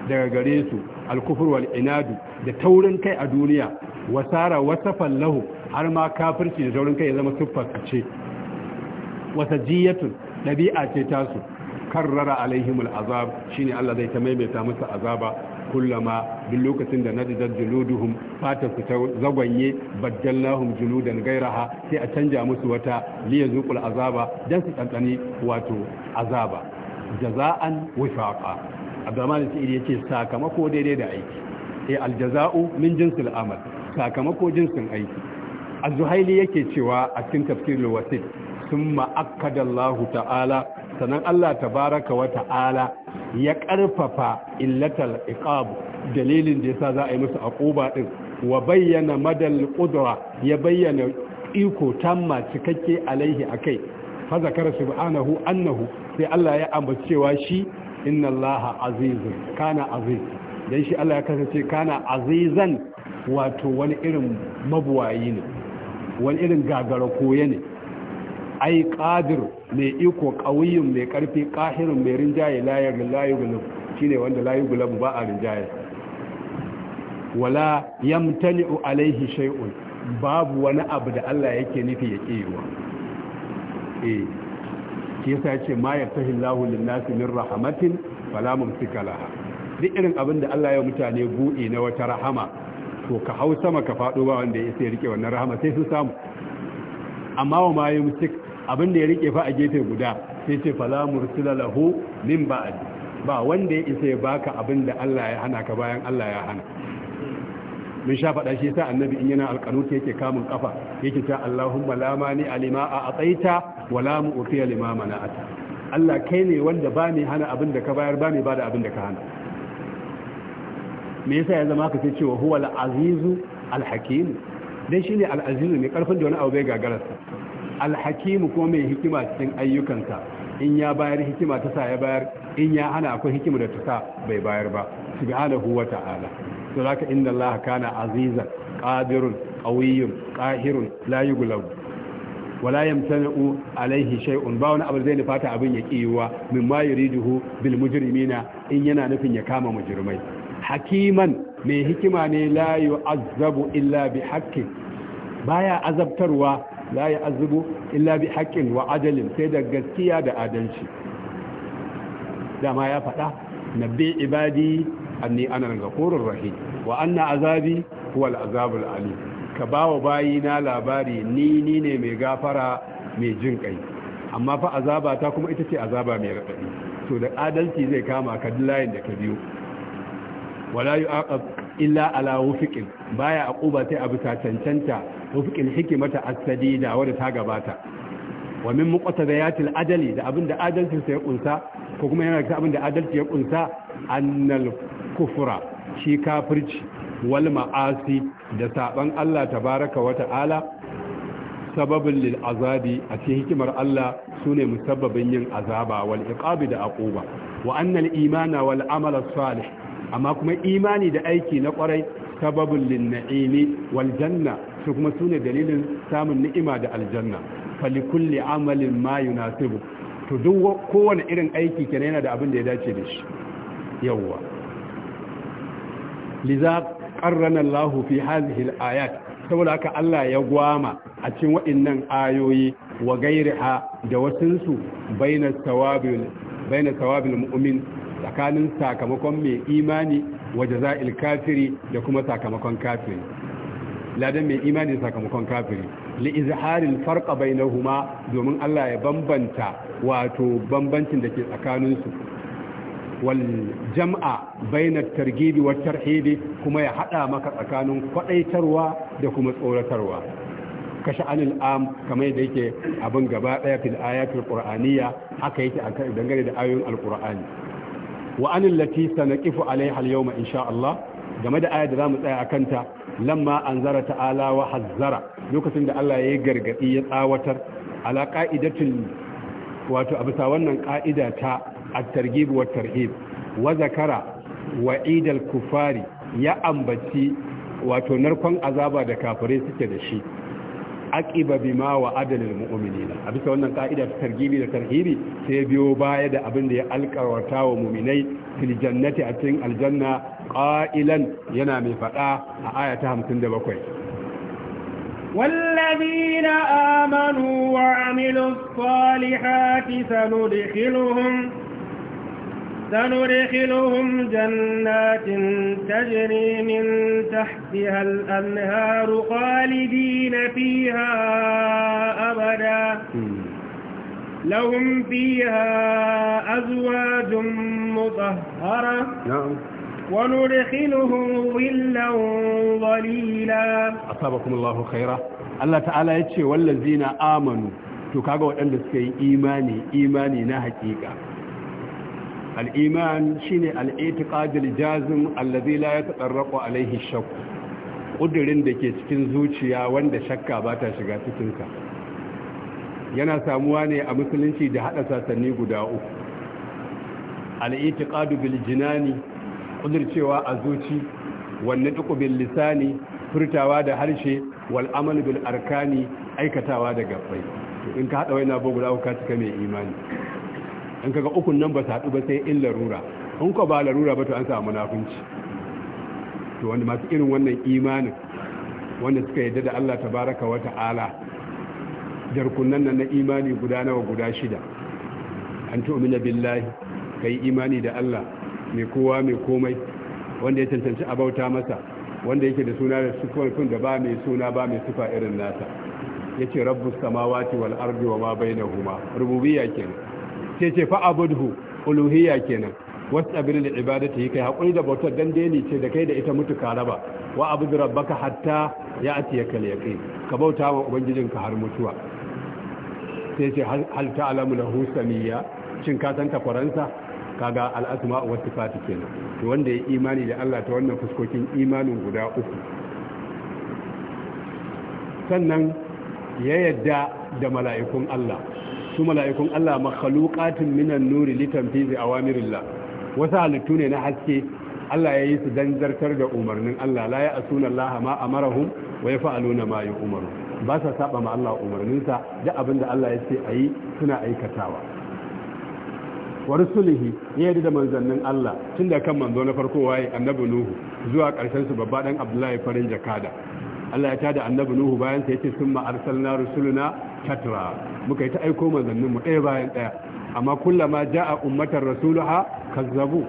daga gare su alkufur wal inadu da taurin kai a duniya wasara wasafan lahu har ma kafirci da taurin kai ya zama siffar ce wata jiyatun ɗabi'a ce tasu karrara alaihimul azab shine Allah zai ta maimaita musu azaba kullama duk lokacin da nadidar juluduhum fata su ta zagwanye baddallahum juludan gairaha sai a canja musu wata liya zuqul azaba don su tsantsani wato azaba jaza'an wifaqa abdurrahman sa'id ce sakamako daidai da aiki eh aljaza'u min jinsil amal sakamako jinsin aiki az-zuhaili yake cewa a cikin tafsirul wasit sun akkada Allahu ta'ala sannan Allah tabaraka wa ta'ala ya ƙarfafa illatal iqab dalilin da yasa za a yi musu aquba din wa bayyana madal qudra ya bayyana iko tamma cikakke alaihi akai fa zakara subhanahu annahu sai Allah ya ambaci cewa shi inna Allah azizun kana aziz dan shi Allah ya kasance kana azizan wato wani irin mabuwayi ne wani irin gagara koye ne ai qadir mai iko qawiyyun mai karfi qahirun mai rinjaye la ya la yughlab shine wanda la yughlab ba a rinjaye wala yamtani'u alaihi shay'un babu wani abu da Allah yake nufi ya kiyewa eh shi yasa yace ma yaftahi Allahu lin-nasi min rahmatin fala mumsika laha duk irin abin da Allah ya mutane buɗe na wata rahama to ka hau sama ka faɗo ba wanda ya sai rike wannan rahama sai su samu amma wa ma mutik abin da ya rike fa a gefe guda sai ce fala mursila lahu min ba'd ba wanda ya isa ya baka abin da Allah ya hana ka bayan Allah ya hana mun sha faɗa shi sai annabi in yana alqanuti yake kamun kafa yake ta Allahumma la mani alima a ataita wa la mu'ti alima mana'ata Allah kai ne wanda ba ni hana abin da ka bayar ba ni bada abinda abin da ka hana me yasa ya zama ka ce cewa huwa al-azizu al-hakim dan shi ne al’azizu mai ƙarfin da wani abu bai gagararsa alhakimu ko kuma mai hikima cikin ayyukansa in ya bayar hikima ta sa ya bayar in ya hana akwai hikima da ta sa bai bayar ba su subhanahu wa ta'ala to zaka Allah allaha na azizan ƙadirun qawiyyun ƙahirun la yughlab wala yamtanu alaihi shay'un ba wani abu zai nufata abin ya kiyuwa mimma yuriduhu bil mujrimina in yana nufin ya kama mujrimai hakiman mai hikima ne layu azabu illa bi haqqin baya azabtarwa layu azabu illa bi haƙƙin wa adalin sai da gaskiya da adalci dama ya faɗa na bi ibadi anni ana ghafurur rahi wa anna azabi huwa ali ka ba ka bawa bayina labari ni ni ne mai gafara mai jin kai amma fa azaba ta kuma ita ce azaba mai raɗaɗi to da adalci zai kama ka layin da ka biyo wala yu'aqab illa ala wufiqin baya aquba sai abu ta cancanta wufiqin hikimata as-sadida wanda ta gabata wa min muqtadayatil adali da abinda adalci sai ya kunsa ko kuma yana da abinda adalci ya kunsa annal kufra shi kafirci wal ma'asi da saban Allah baraka wa ta'ala sababin lil azabi a cikin hikimar Allah sune musabbabin yin azaba wal iqabi da aquba wa annal imana wal amala salih amma kuma imani da aiki na kwarai sababin linna'imi waljanna, janna su kuma sune dalilin samun ni'ima da aljanna fali kulli amalin ma yunasibu to duk kowane irin aiki kenan yana da abin da ya dace da shi yawwa liza qarrana Allah fi hadhihi al-ayat saboda haka Allah ya gwama a cikin waɗannan ayoyi wa gairiha da wasunsu baina tawabil baina tawabil mu'min tsakanin sakamakon mai imani waje za'il kafiri da kuma sakamakon kafiri ladan mai imani sakamakon kafiri li izharil farqa bainahuma domin Allah ya bambanta wato bambancin da ke tsakanin su wal jam'a baina targibi wa tarhibi kuma ya hada maka tsakanin kwadaitarwa da kuma tsoratarwa ka am kamar da yake abin gaba daya fil ayatul qur'aniyya haka yake dangane da ayoyin alqur'ani wa anil lati sanaqifu alaiha al-yawma insha Allah game da ayar da zamu tsaya akan ta lamma anzara ta'ala wa hazzara lokacin da Allah ya gargadi ya tsawatar ala qa'idatul wato abisa wannan qa'ida ta at-targhib wa tarhib wa zakara wa idal kufari ya ambaci wato narkon azaba da kafirai suke da shi aqiba bima wa adalil mu'minina a bisa wannan ka'ida ta targibi da tarhibi sai biyo baya da abin da ya alkarwata wa mu'minai fil jannati a cikin aljanna qailan yana mai fada a ayata ta 57 والذين آمنوا وعملوا الصالحات سندخلهم سندخلهم جنات تجري من تحتها الأنهار خالدين فيها أبدا لهم فيها أزواج مطهرة نعم ونرخلهم ظلا ظليلا أصابكم الله خيرا الله تعالى يتشي والذين آمنوا تكاقوا أن تسكي إيماني إيماني نهكيكا al'iman shi ne al'itiƙadil jazin allazi la ya taɗarraƙo alaihi shakku ƙudurin da ke cikin zuciya wanda shakka ba ta shiga cikinka yana samuwa ne a musulunci da haɗa sasanni guda uku al'itiƙadu bil jinani ƙudurcewa a zuci wanne ɗuku bil lisani furtawa da harshe wal amal bil arkani aikatawa da gabbai in ka haɗa wai na guda uku ka cika mai imani an kaga ukun nan ba su haɗu ba sai in larura in ko ba larura ba to an samu munafunci to wanda masu irin wannan imanin wanda suka yadda da Allah tabaraka wa ta'ala jarkunan nan na imani guda nawa guda shida an tu'mina billahi kai imani da Allah mai kowa mai komai wanda ya tantance abauta masa wanda yake da suna da sifofin da ba mai suna ba mai sifa irin nasa yace rabbus samawati wal ardi wa ma bainahuma rububiyya kenan sai ce fa abudhu uluhiyya kenan ibada ta yi kai hakuri da bautar dan dai ce da kai da ita mutu ka raba wa abudu rabbaka hatta ya atiya kal yaqin ka bauta wa ubangijinka har mutuwa sai ce hal ta'lamu lahu samiyya shin ka san takwaransa kaga al asma wa sifat kenan to wanda ya imani da Allah ta wannan fuskokin imanin guda uku sannan ya yadda da mala'ikun Allah su mala'ikun Allah makhluqatin minan nuri a awamirillah wasu halittu ne na haske Allah ya yi su dan da umarnin Allah la ya asuna Allah ma a marahun wa na ma umaru. ba sa saba ma Allah umarninsa da abin da Allah ya ce a yi suna aikatawa wani sulihi ya yarda da manzannin Allah tun da kan manzo na farko waye annabi Nuhu zuwa ƙarshen su babba dan Abdullahi farin jakada Allah ya tada annabi Nuhu bayan sa yace summa arsalna rusuluna tatra muka yi ta aiko manzannin mu ɗaya bayan ɗaya amma kullama jaa ummatar rasuluha kazzabu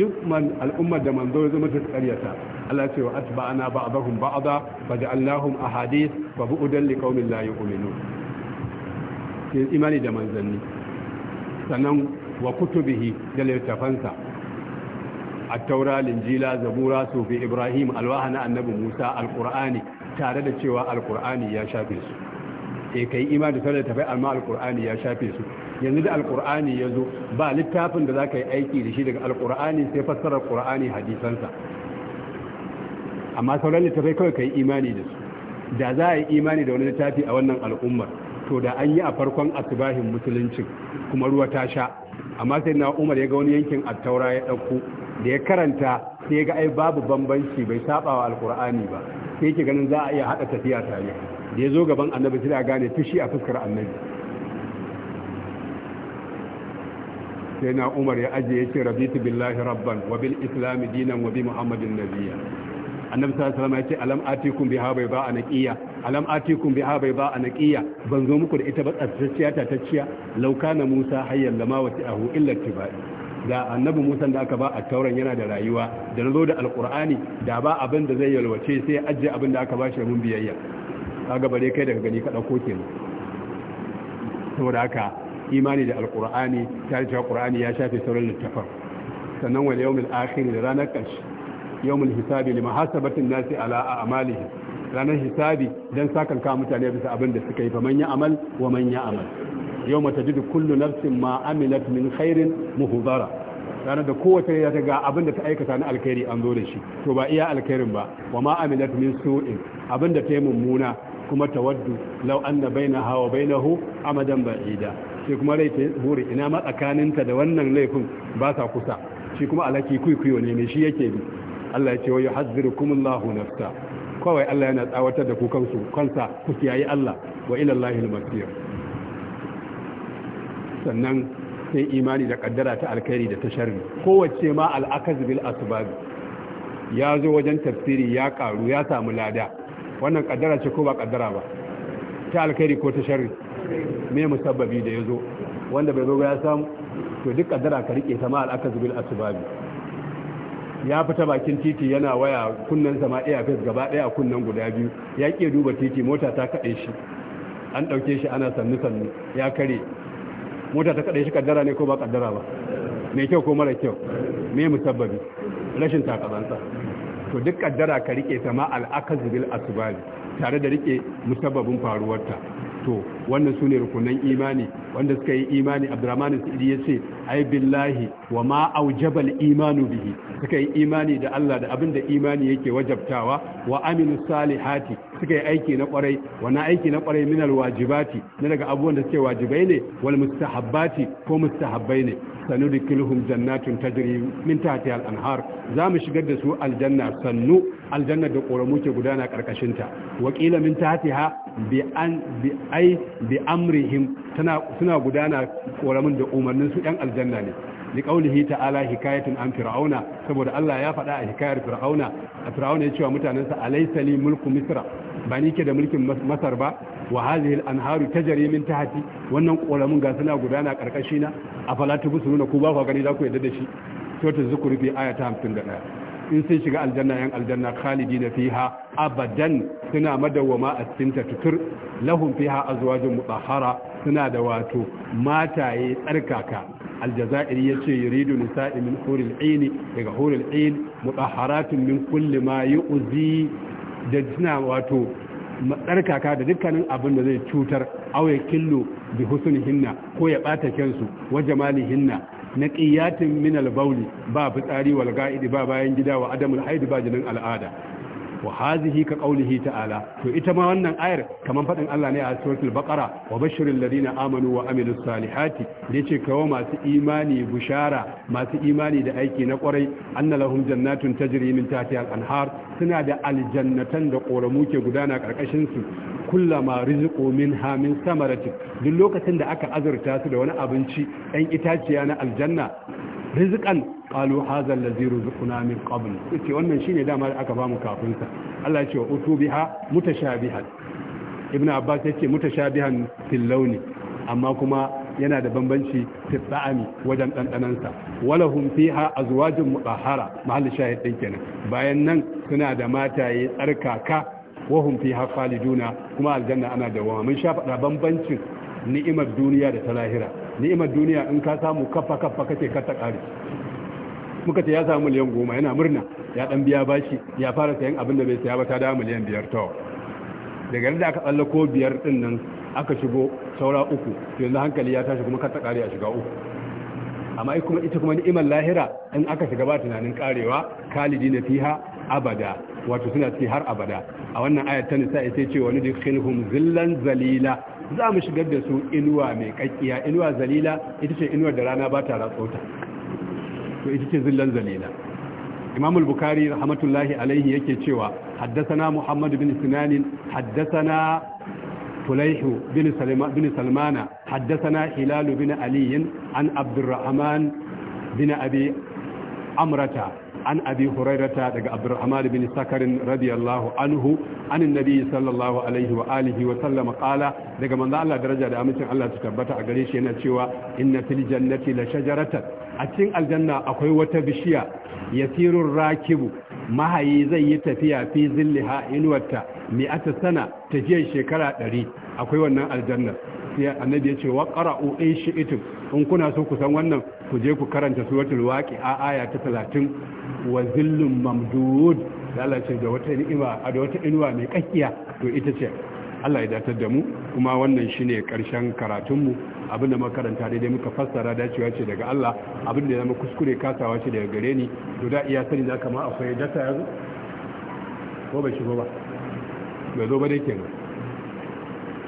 duk man al'ummar da manzo ya zama ta karyata Allah ya ce wa atba'ana ba'dahum ba'da faja'alnahum ahadith wa bu'dan liqaumin la yu'minun sai imani da manzanni sannan wa kutubihi da littafansa at-taura linjila zabura sufi ibrahim na annabi musa alqur'ani tare da cewa alkur'ani ya shafe su e eh, kai imani da da tafai amma alkur'ani ya shafe su yanzu da alkur'ani ya zo ba littafin da za ka yi aiki da shi daga alkur'ani sai fassarar kur'ani hadisansa amma sauran littafai kawai ka yi imani da su da za a yi imani da wani littafi a wannan al'ummar to da an yi a farkon asibahin musuluncin kuma ruwa ta sha amma sai na umar ya ga wani yankin attaura ya ɗauko da ya karanta sai ya ga ai babu bambanci bai saba wa alkur'ani ba sai yake ganin za a iya haɗa tafiya tare da ya zo gaban annabi sai a gane fushi a fuskar annabi sai na umar ya ajiye ce rabitu billahi rabban wa bil islam dinan wa bi muhammadin nabiyya annabi sallallahu alaihi wasallam ya ce alam atikum biha bai ba anaqiya alam atikum biha bai ba anaqiya ban zo muku da ita ba tsaftacciya ta tacciya law kana musa hayyan lama wati ahu illa tibai da annabi musa da aka ba a tauran yana da rayuwa da na zo da alkur'ani da ba abin da zai yalwace sai ya ajiye abin da aka ba shi mun biyayya ga bare kai daga gani ka dauko kenan saboda haka imani da alkur'ani ta ce alkur'ani ya shafe sauran littafan sannan wal yawmil akhir da ranar karshe yawmul hisabi lima hasabatin nasi ala a'malihim ranar hisabi dan sakan ka mutane bisa abin da suka yi fa man ya amal wa man ya amal yau mata jidu kullu nafsin ma amilat min khairin muhudara ranar da kowace ya ta ga abin da ta aikata na alkhairi an zo da shi to ba iya alkhairin ba wa ma amilat min su'in abin da ta yi mummuna kuma tawaddu law anna bainaha wa bainahu amadan ba'ida sai kuma rai ta buri ina ma tsakaninta da wannan laifin ba sa kusa shi kuma alaki kuikuyo ne me shi yake bi Allah ya ce wa yuhazzirukumullahu nafsa kawai Allah yana tsawatar da ku kansu kansa ku kiyaye Allah wa ila Allahil masir sannan sai imani da kaddara ta alkhairi da ta sharri kowace ma al'akaz bil asbab ya zo wajen tafsiri ya karu ya samu lada wannan kaddara ce ko ba kaddara ba ta alkhairi ko ta sharri me musabbabi da yazo wanda bai zo ya samu to duk kaddara ka rike ta ma al'akaz bil asbab ya fita bakin titi yana waya kunnan sama ɗaya fes gaba ɗaya kunnan guda biyu ya ke duba titi mota ta kade shi an ɗauke shi ana sannu sannu ya kare mota ta kaɗai shi kaddara ne ko ba kaddara ba mai kyau ko mara kyau me musabbabi rashin takabansa to duk kaddara ka rike ta ma al'akaz bil asbali tare da rike musabbabin faruwarta to wannan sune rukunan imani wanda suka yi imani Abdurrahman Sa'idi yace ai billahi wa ma aujabal imanu bihi suka yi imani da Allah da abin da imani yake wajabtawa wa aminu salihati suka yi aiki na kwarai wani aiki na kwarai minar wajibati na daga abubuwan da suke wajibai ne wal mustahabbati ko mustahabbai ne sanudkhiluhum jannatin tajri min tahtiha al anhar mu shigar da su aljanna sannu aljanna da koramu ke gudana karkashin ta wakila min tahtiha bi an bi suna gudana ƙoramin da umarnin su yan aljanna ne liƙaulihi ta'ala hikayatun an fir'auna saboda Allah ya faɗa a hikayar fir'auna a fir'auna ya cewa mutanensa alaisali mulku misra ba ni ke da mulkin masar ba wa hazihi al-anharu tajri min tahti wannan koramin ga suna gudana karkashi na afala nuna ku ba ku gani za ku yadda da shi suratul zukhruf aya ta 51 in sun shiga aljanna yan aljanna khalidi na fiha abadan suna madawama a cikin ta tutur lahum fiha azwajun mutahhara suna da wato mataye tsarkaka aljazairi yace yuridu nisa'i min huril aini daga huril ain mutahharatun min kulli ma yu'zi da suna wato tsarkaka da dukkanin abin da zai cutar auye killo bi husun hinna ko ya bata kansu wa jamali hinna na qiyatin min al ba fitsari wal ga'idi ba bayan gida wa adamul haid ba jinin al'ada wa hazihi ka qaulihi ta'ala to ita ma wannan ayar kaman fadin Allah ne a suratul baqara wa bashiril ladina amanu wa amilus salihati yace kawo masu imani bushara masu imani da aiki na kwarai annalahum jannatun tajri min tahtiha al-anhar suna da aljannatan da koramu ke gudana karkashin su kullama rizqu minha min samarati duk lokacin da aka azurta su da wani abinci ɗan itaciya na aljanna kalu qalu da ziru zukuna min qabl yace wannan shine dama da aka bamu kafin sa Allah yace utu biha mutashabihan ibnu abbas ya yace mutashabihan fil launi amma kuma yana da bambanci fi ta'ami wajen ɗanɗanansa walahum fiha azwajun mutahhara sha shahid din kenan bayan nan suna da mataye tsarkaka wahum fiha khaliduna kuma aljanna ana da wa mun sha faɗa bambancin ni'imar duniya da ta lahira ni'imar duniya in ka samu kafa kafa kake kata ƙari muka ce ya samu miliyan goma yana murna ya ɗan biya bashi ya fara sayan abin da bai saya ba ta dawa miliyan biyar tawa daga yadda aka tsalla ko biyar ɗin nan aka shigo saura uku yanzu hankali ya tashi kuma kata ƙari a shiga uku amma kuma ita kuma ni'imar lahira in aka shiga ba tunanin ƙarewa kalidi na fiha abada wato suna ciki har abada a wannan ayat ta nisa ita ce wani dukkan zillan zalila za mu shigar da su inuwa mai kakkiya inuwa zalila ita ce inuwar da rana ba ta ratsota to ita ce zillan zalila imam al-bukhari rahmatullahi alaihi yake cewa haddathana muhammad bin sinan haddathana فليح bin سلمان bin salmana haddathana hilal bin ali an abdurrahman bin abi amrata an abi hurairata daga abdurrahman bin sakarin radiyallahu anhu anin nabi sallallahu alaihi wa alihi wa sallama qala daga manzo Allah daraja da amincin Allah ta tabbata a gare shi yana cewa inna fil jannati la shajaratan a cikin aljanna akwai wata bishiya yasirur rakibu mahayi zai yi tafiya fi wata inuwarta mi'ata sana tafiyar shekara ɗari. akwai wannan aljannar hadisi annabi ya ce wa qara'u in shi'itum in kuna so ku san wannan ku je ku karanta suratul waqi'a aya ta 30 wa zillum mamdud Allah ce da wata ni'ima a da wata inuwa mai kakkiya to ita ce Allah ya datar da mu kuma wannan shine karshen karatun mu abinda makaranta daidai muka fassara dacewa ce daga Allah abinda ya zama kuskure kasawa ce daga gare ni to da iya sani za kama akwai data yanzu ko ba shigo ba bai zo ba dai kenan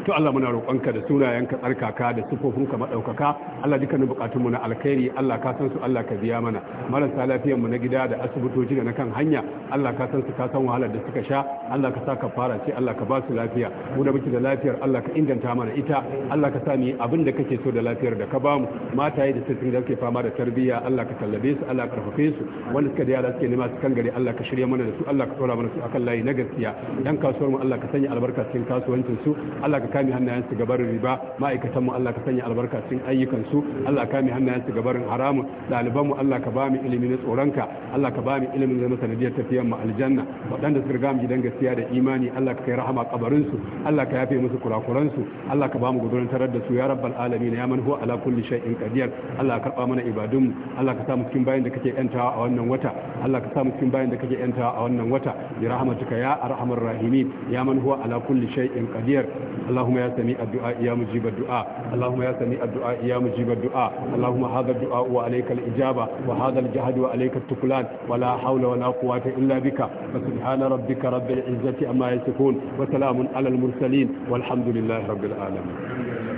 to Allah muna roƙonka da sunayenka tsarkaka da sifofinka maɗaukaka Allah dukkanin bukatunmu na alkhairi Allah ka san su Allah ka biya mana marasa lafiyarmu na gida da asibitoci da na kan hanya Allah ka san su ka san wahalar da suka sha Allah ka sa ka fara ce Allah ka ba su lafiya mu da muke da lafiyar Allah ka inganta mana ita Allah ka sa mu abin da kake so da lafiyar da ka ba mu mataye da sirri da suke fama da tarbiyya Allah ka tallabe su Allah ka karfafe su wanda suka da yara suke nema su kan gari Allah ka shirya mana da su Allah ka tsora mana su akan layi na gaskiya yan kasuwar mu Allah ka sanya albarka cikin kasuwancin su Allah ka kame hannayen su gabarin riba ma'aikatan mu Allah ka sanya albarka cikin ayyukan su Allah ka mi hannayen su gabarin haramun ɗaliban mu Allah ka ba mu ilimi na tsoronka Allah ka ba mu ilimin zama sanadiyar tafiyan mu aljanna waɗanda su riga mu gidan gaskiya da imani Allah ka kai rahama kabarin su Allah ka yafe musu kurakuran su Allah ka ba mu gudurin tarar da su ya rabbal alamin ya man huwa ala kulli shay'in qadir Allah ka karba mana ibadun mu Allah ka sa mu cikin bayin da kake yantawa a wannan wata Allah ka sa mu cikin bayin da kake yantawa a wannan wata bi rahmatika ya arhamar rahimin ya man huwa ala kulli shay'in qadir اللهم يا سميع الدعاء يا مجيب الدعاء اللهم يا سميع الدعاء يا مجيب مجيب الدعاء اللهم هذا الدعاء وعليك الإجابة وهذا الجهد وعليك التكلان ولا حول ولا قوة إلا بك فسبحان ربك رب العزة أما يصفون وسلام على المرسلين والحمد لله رب العالمين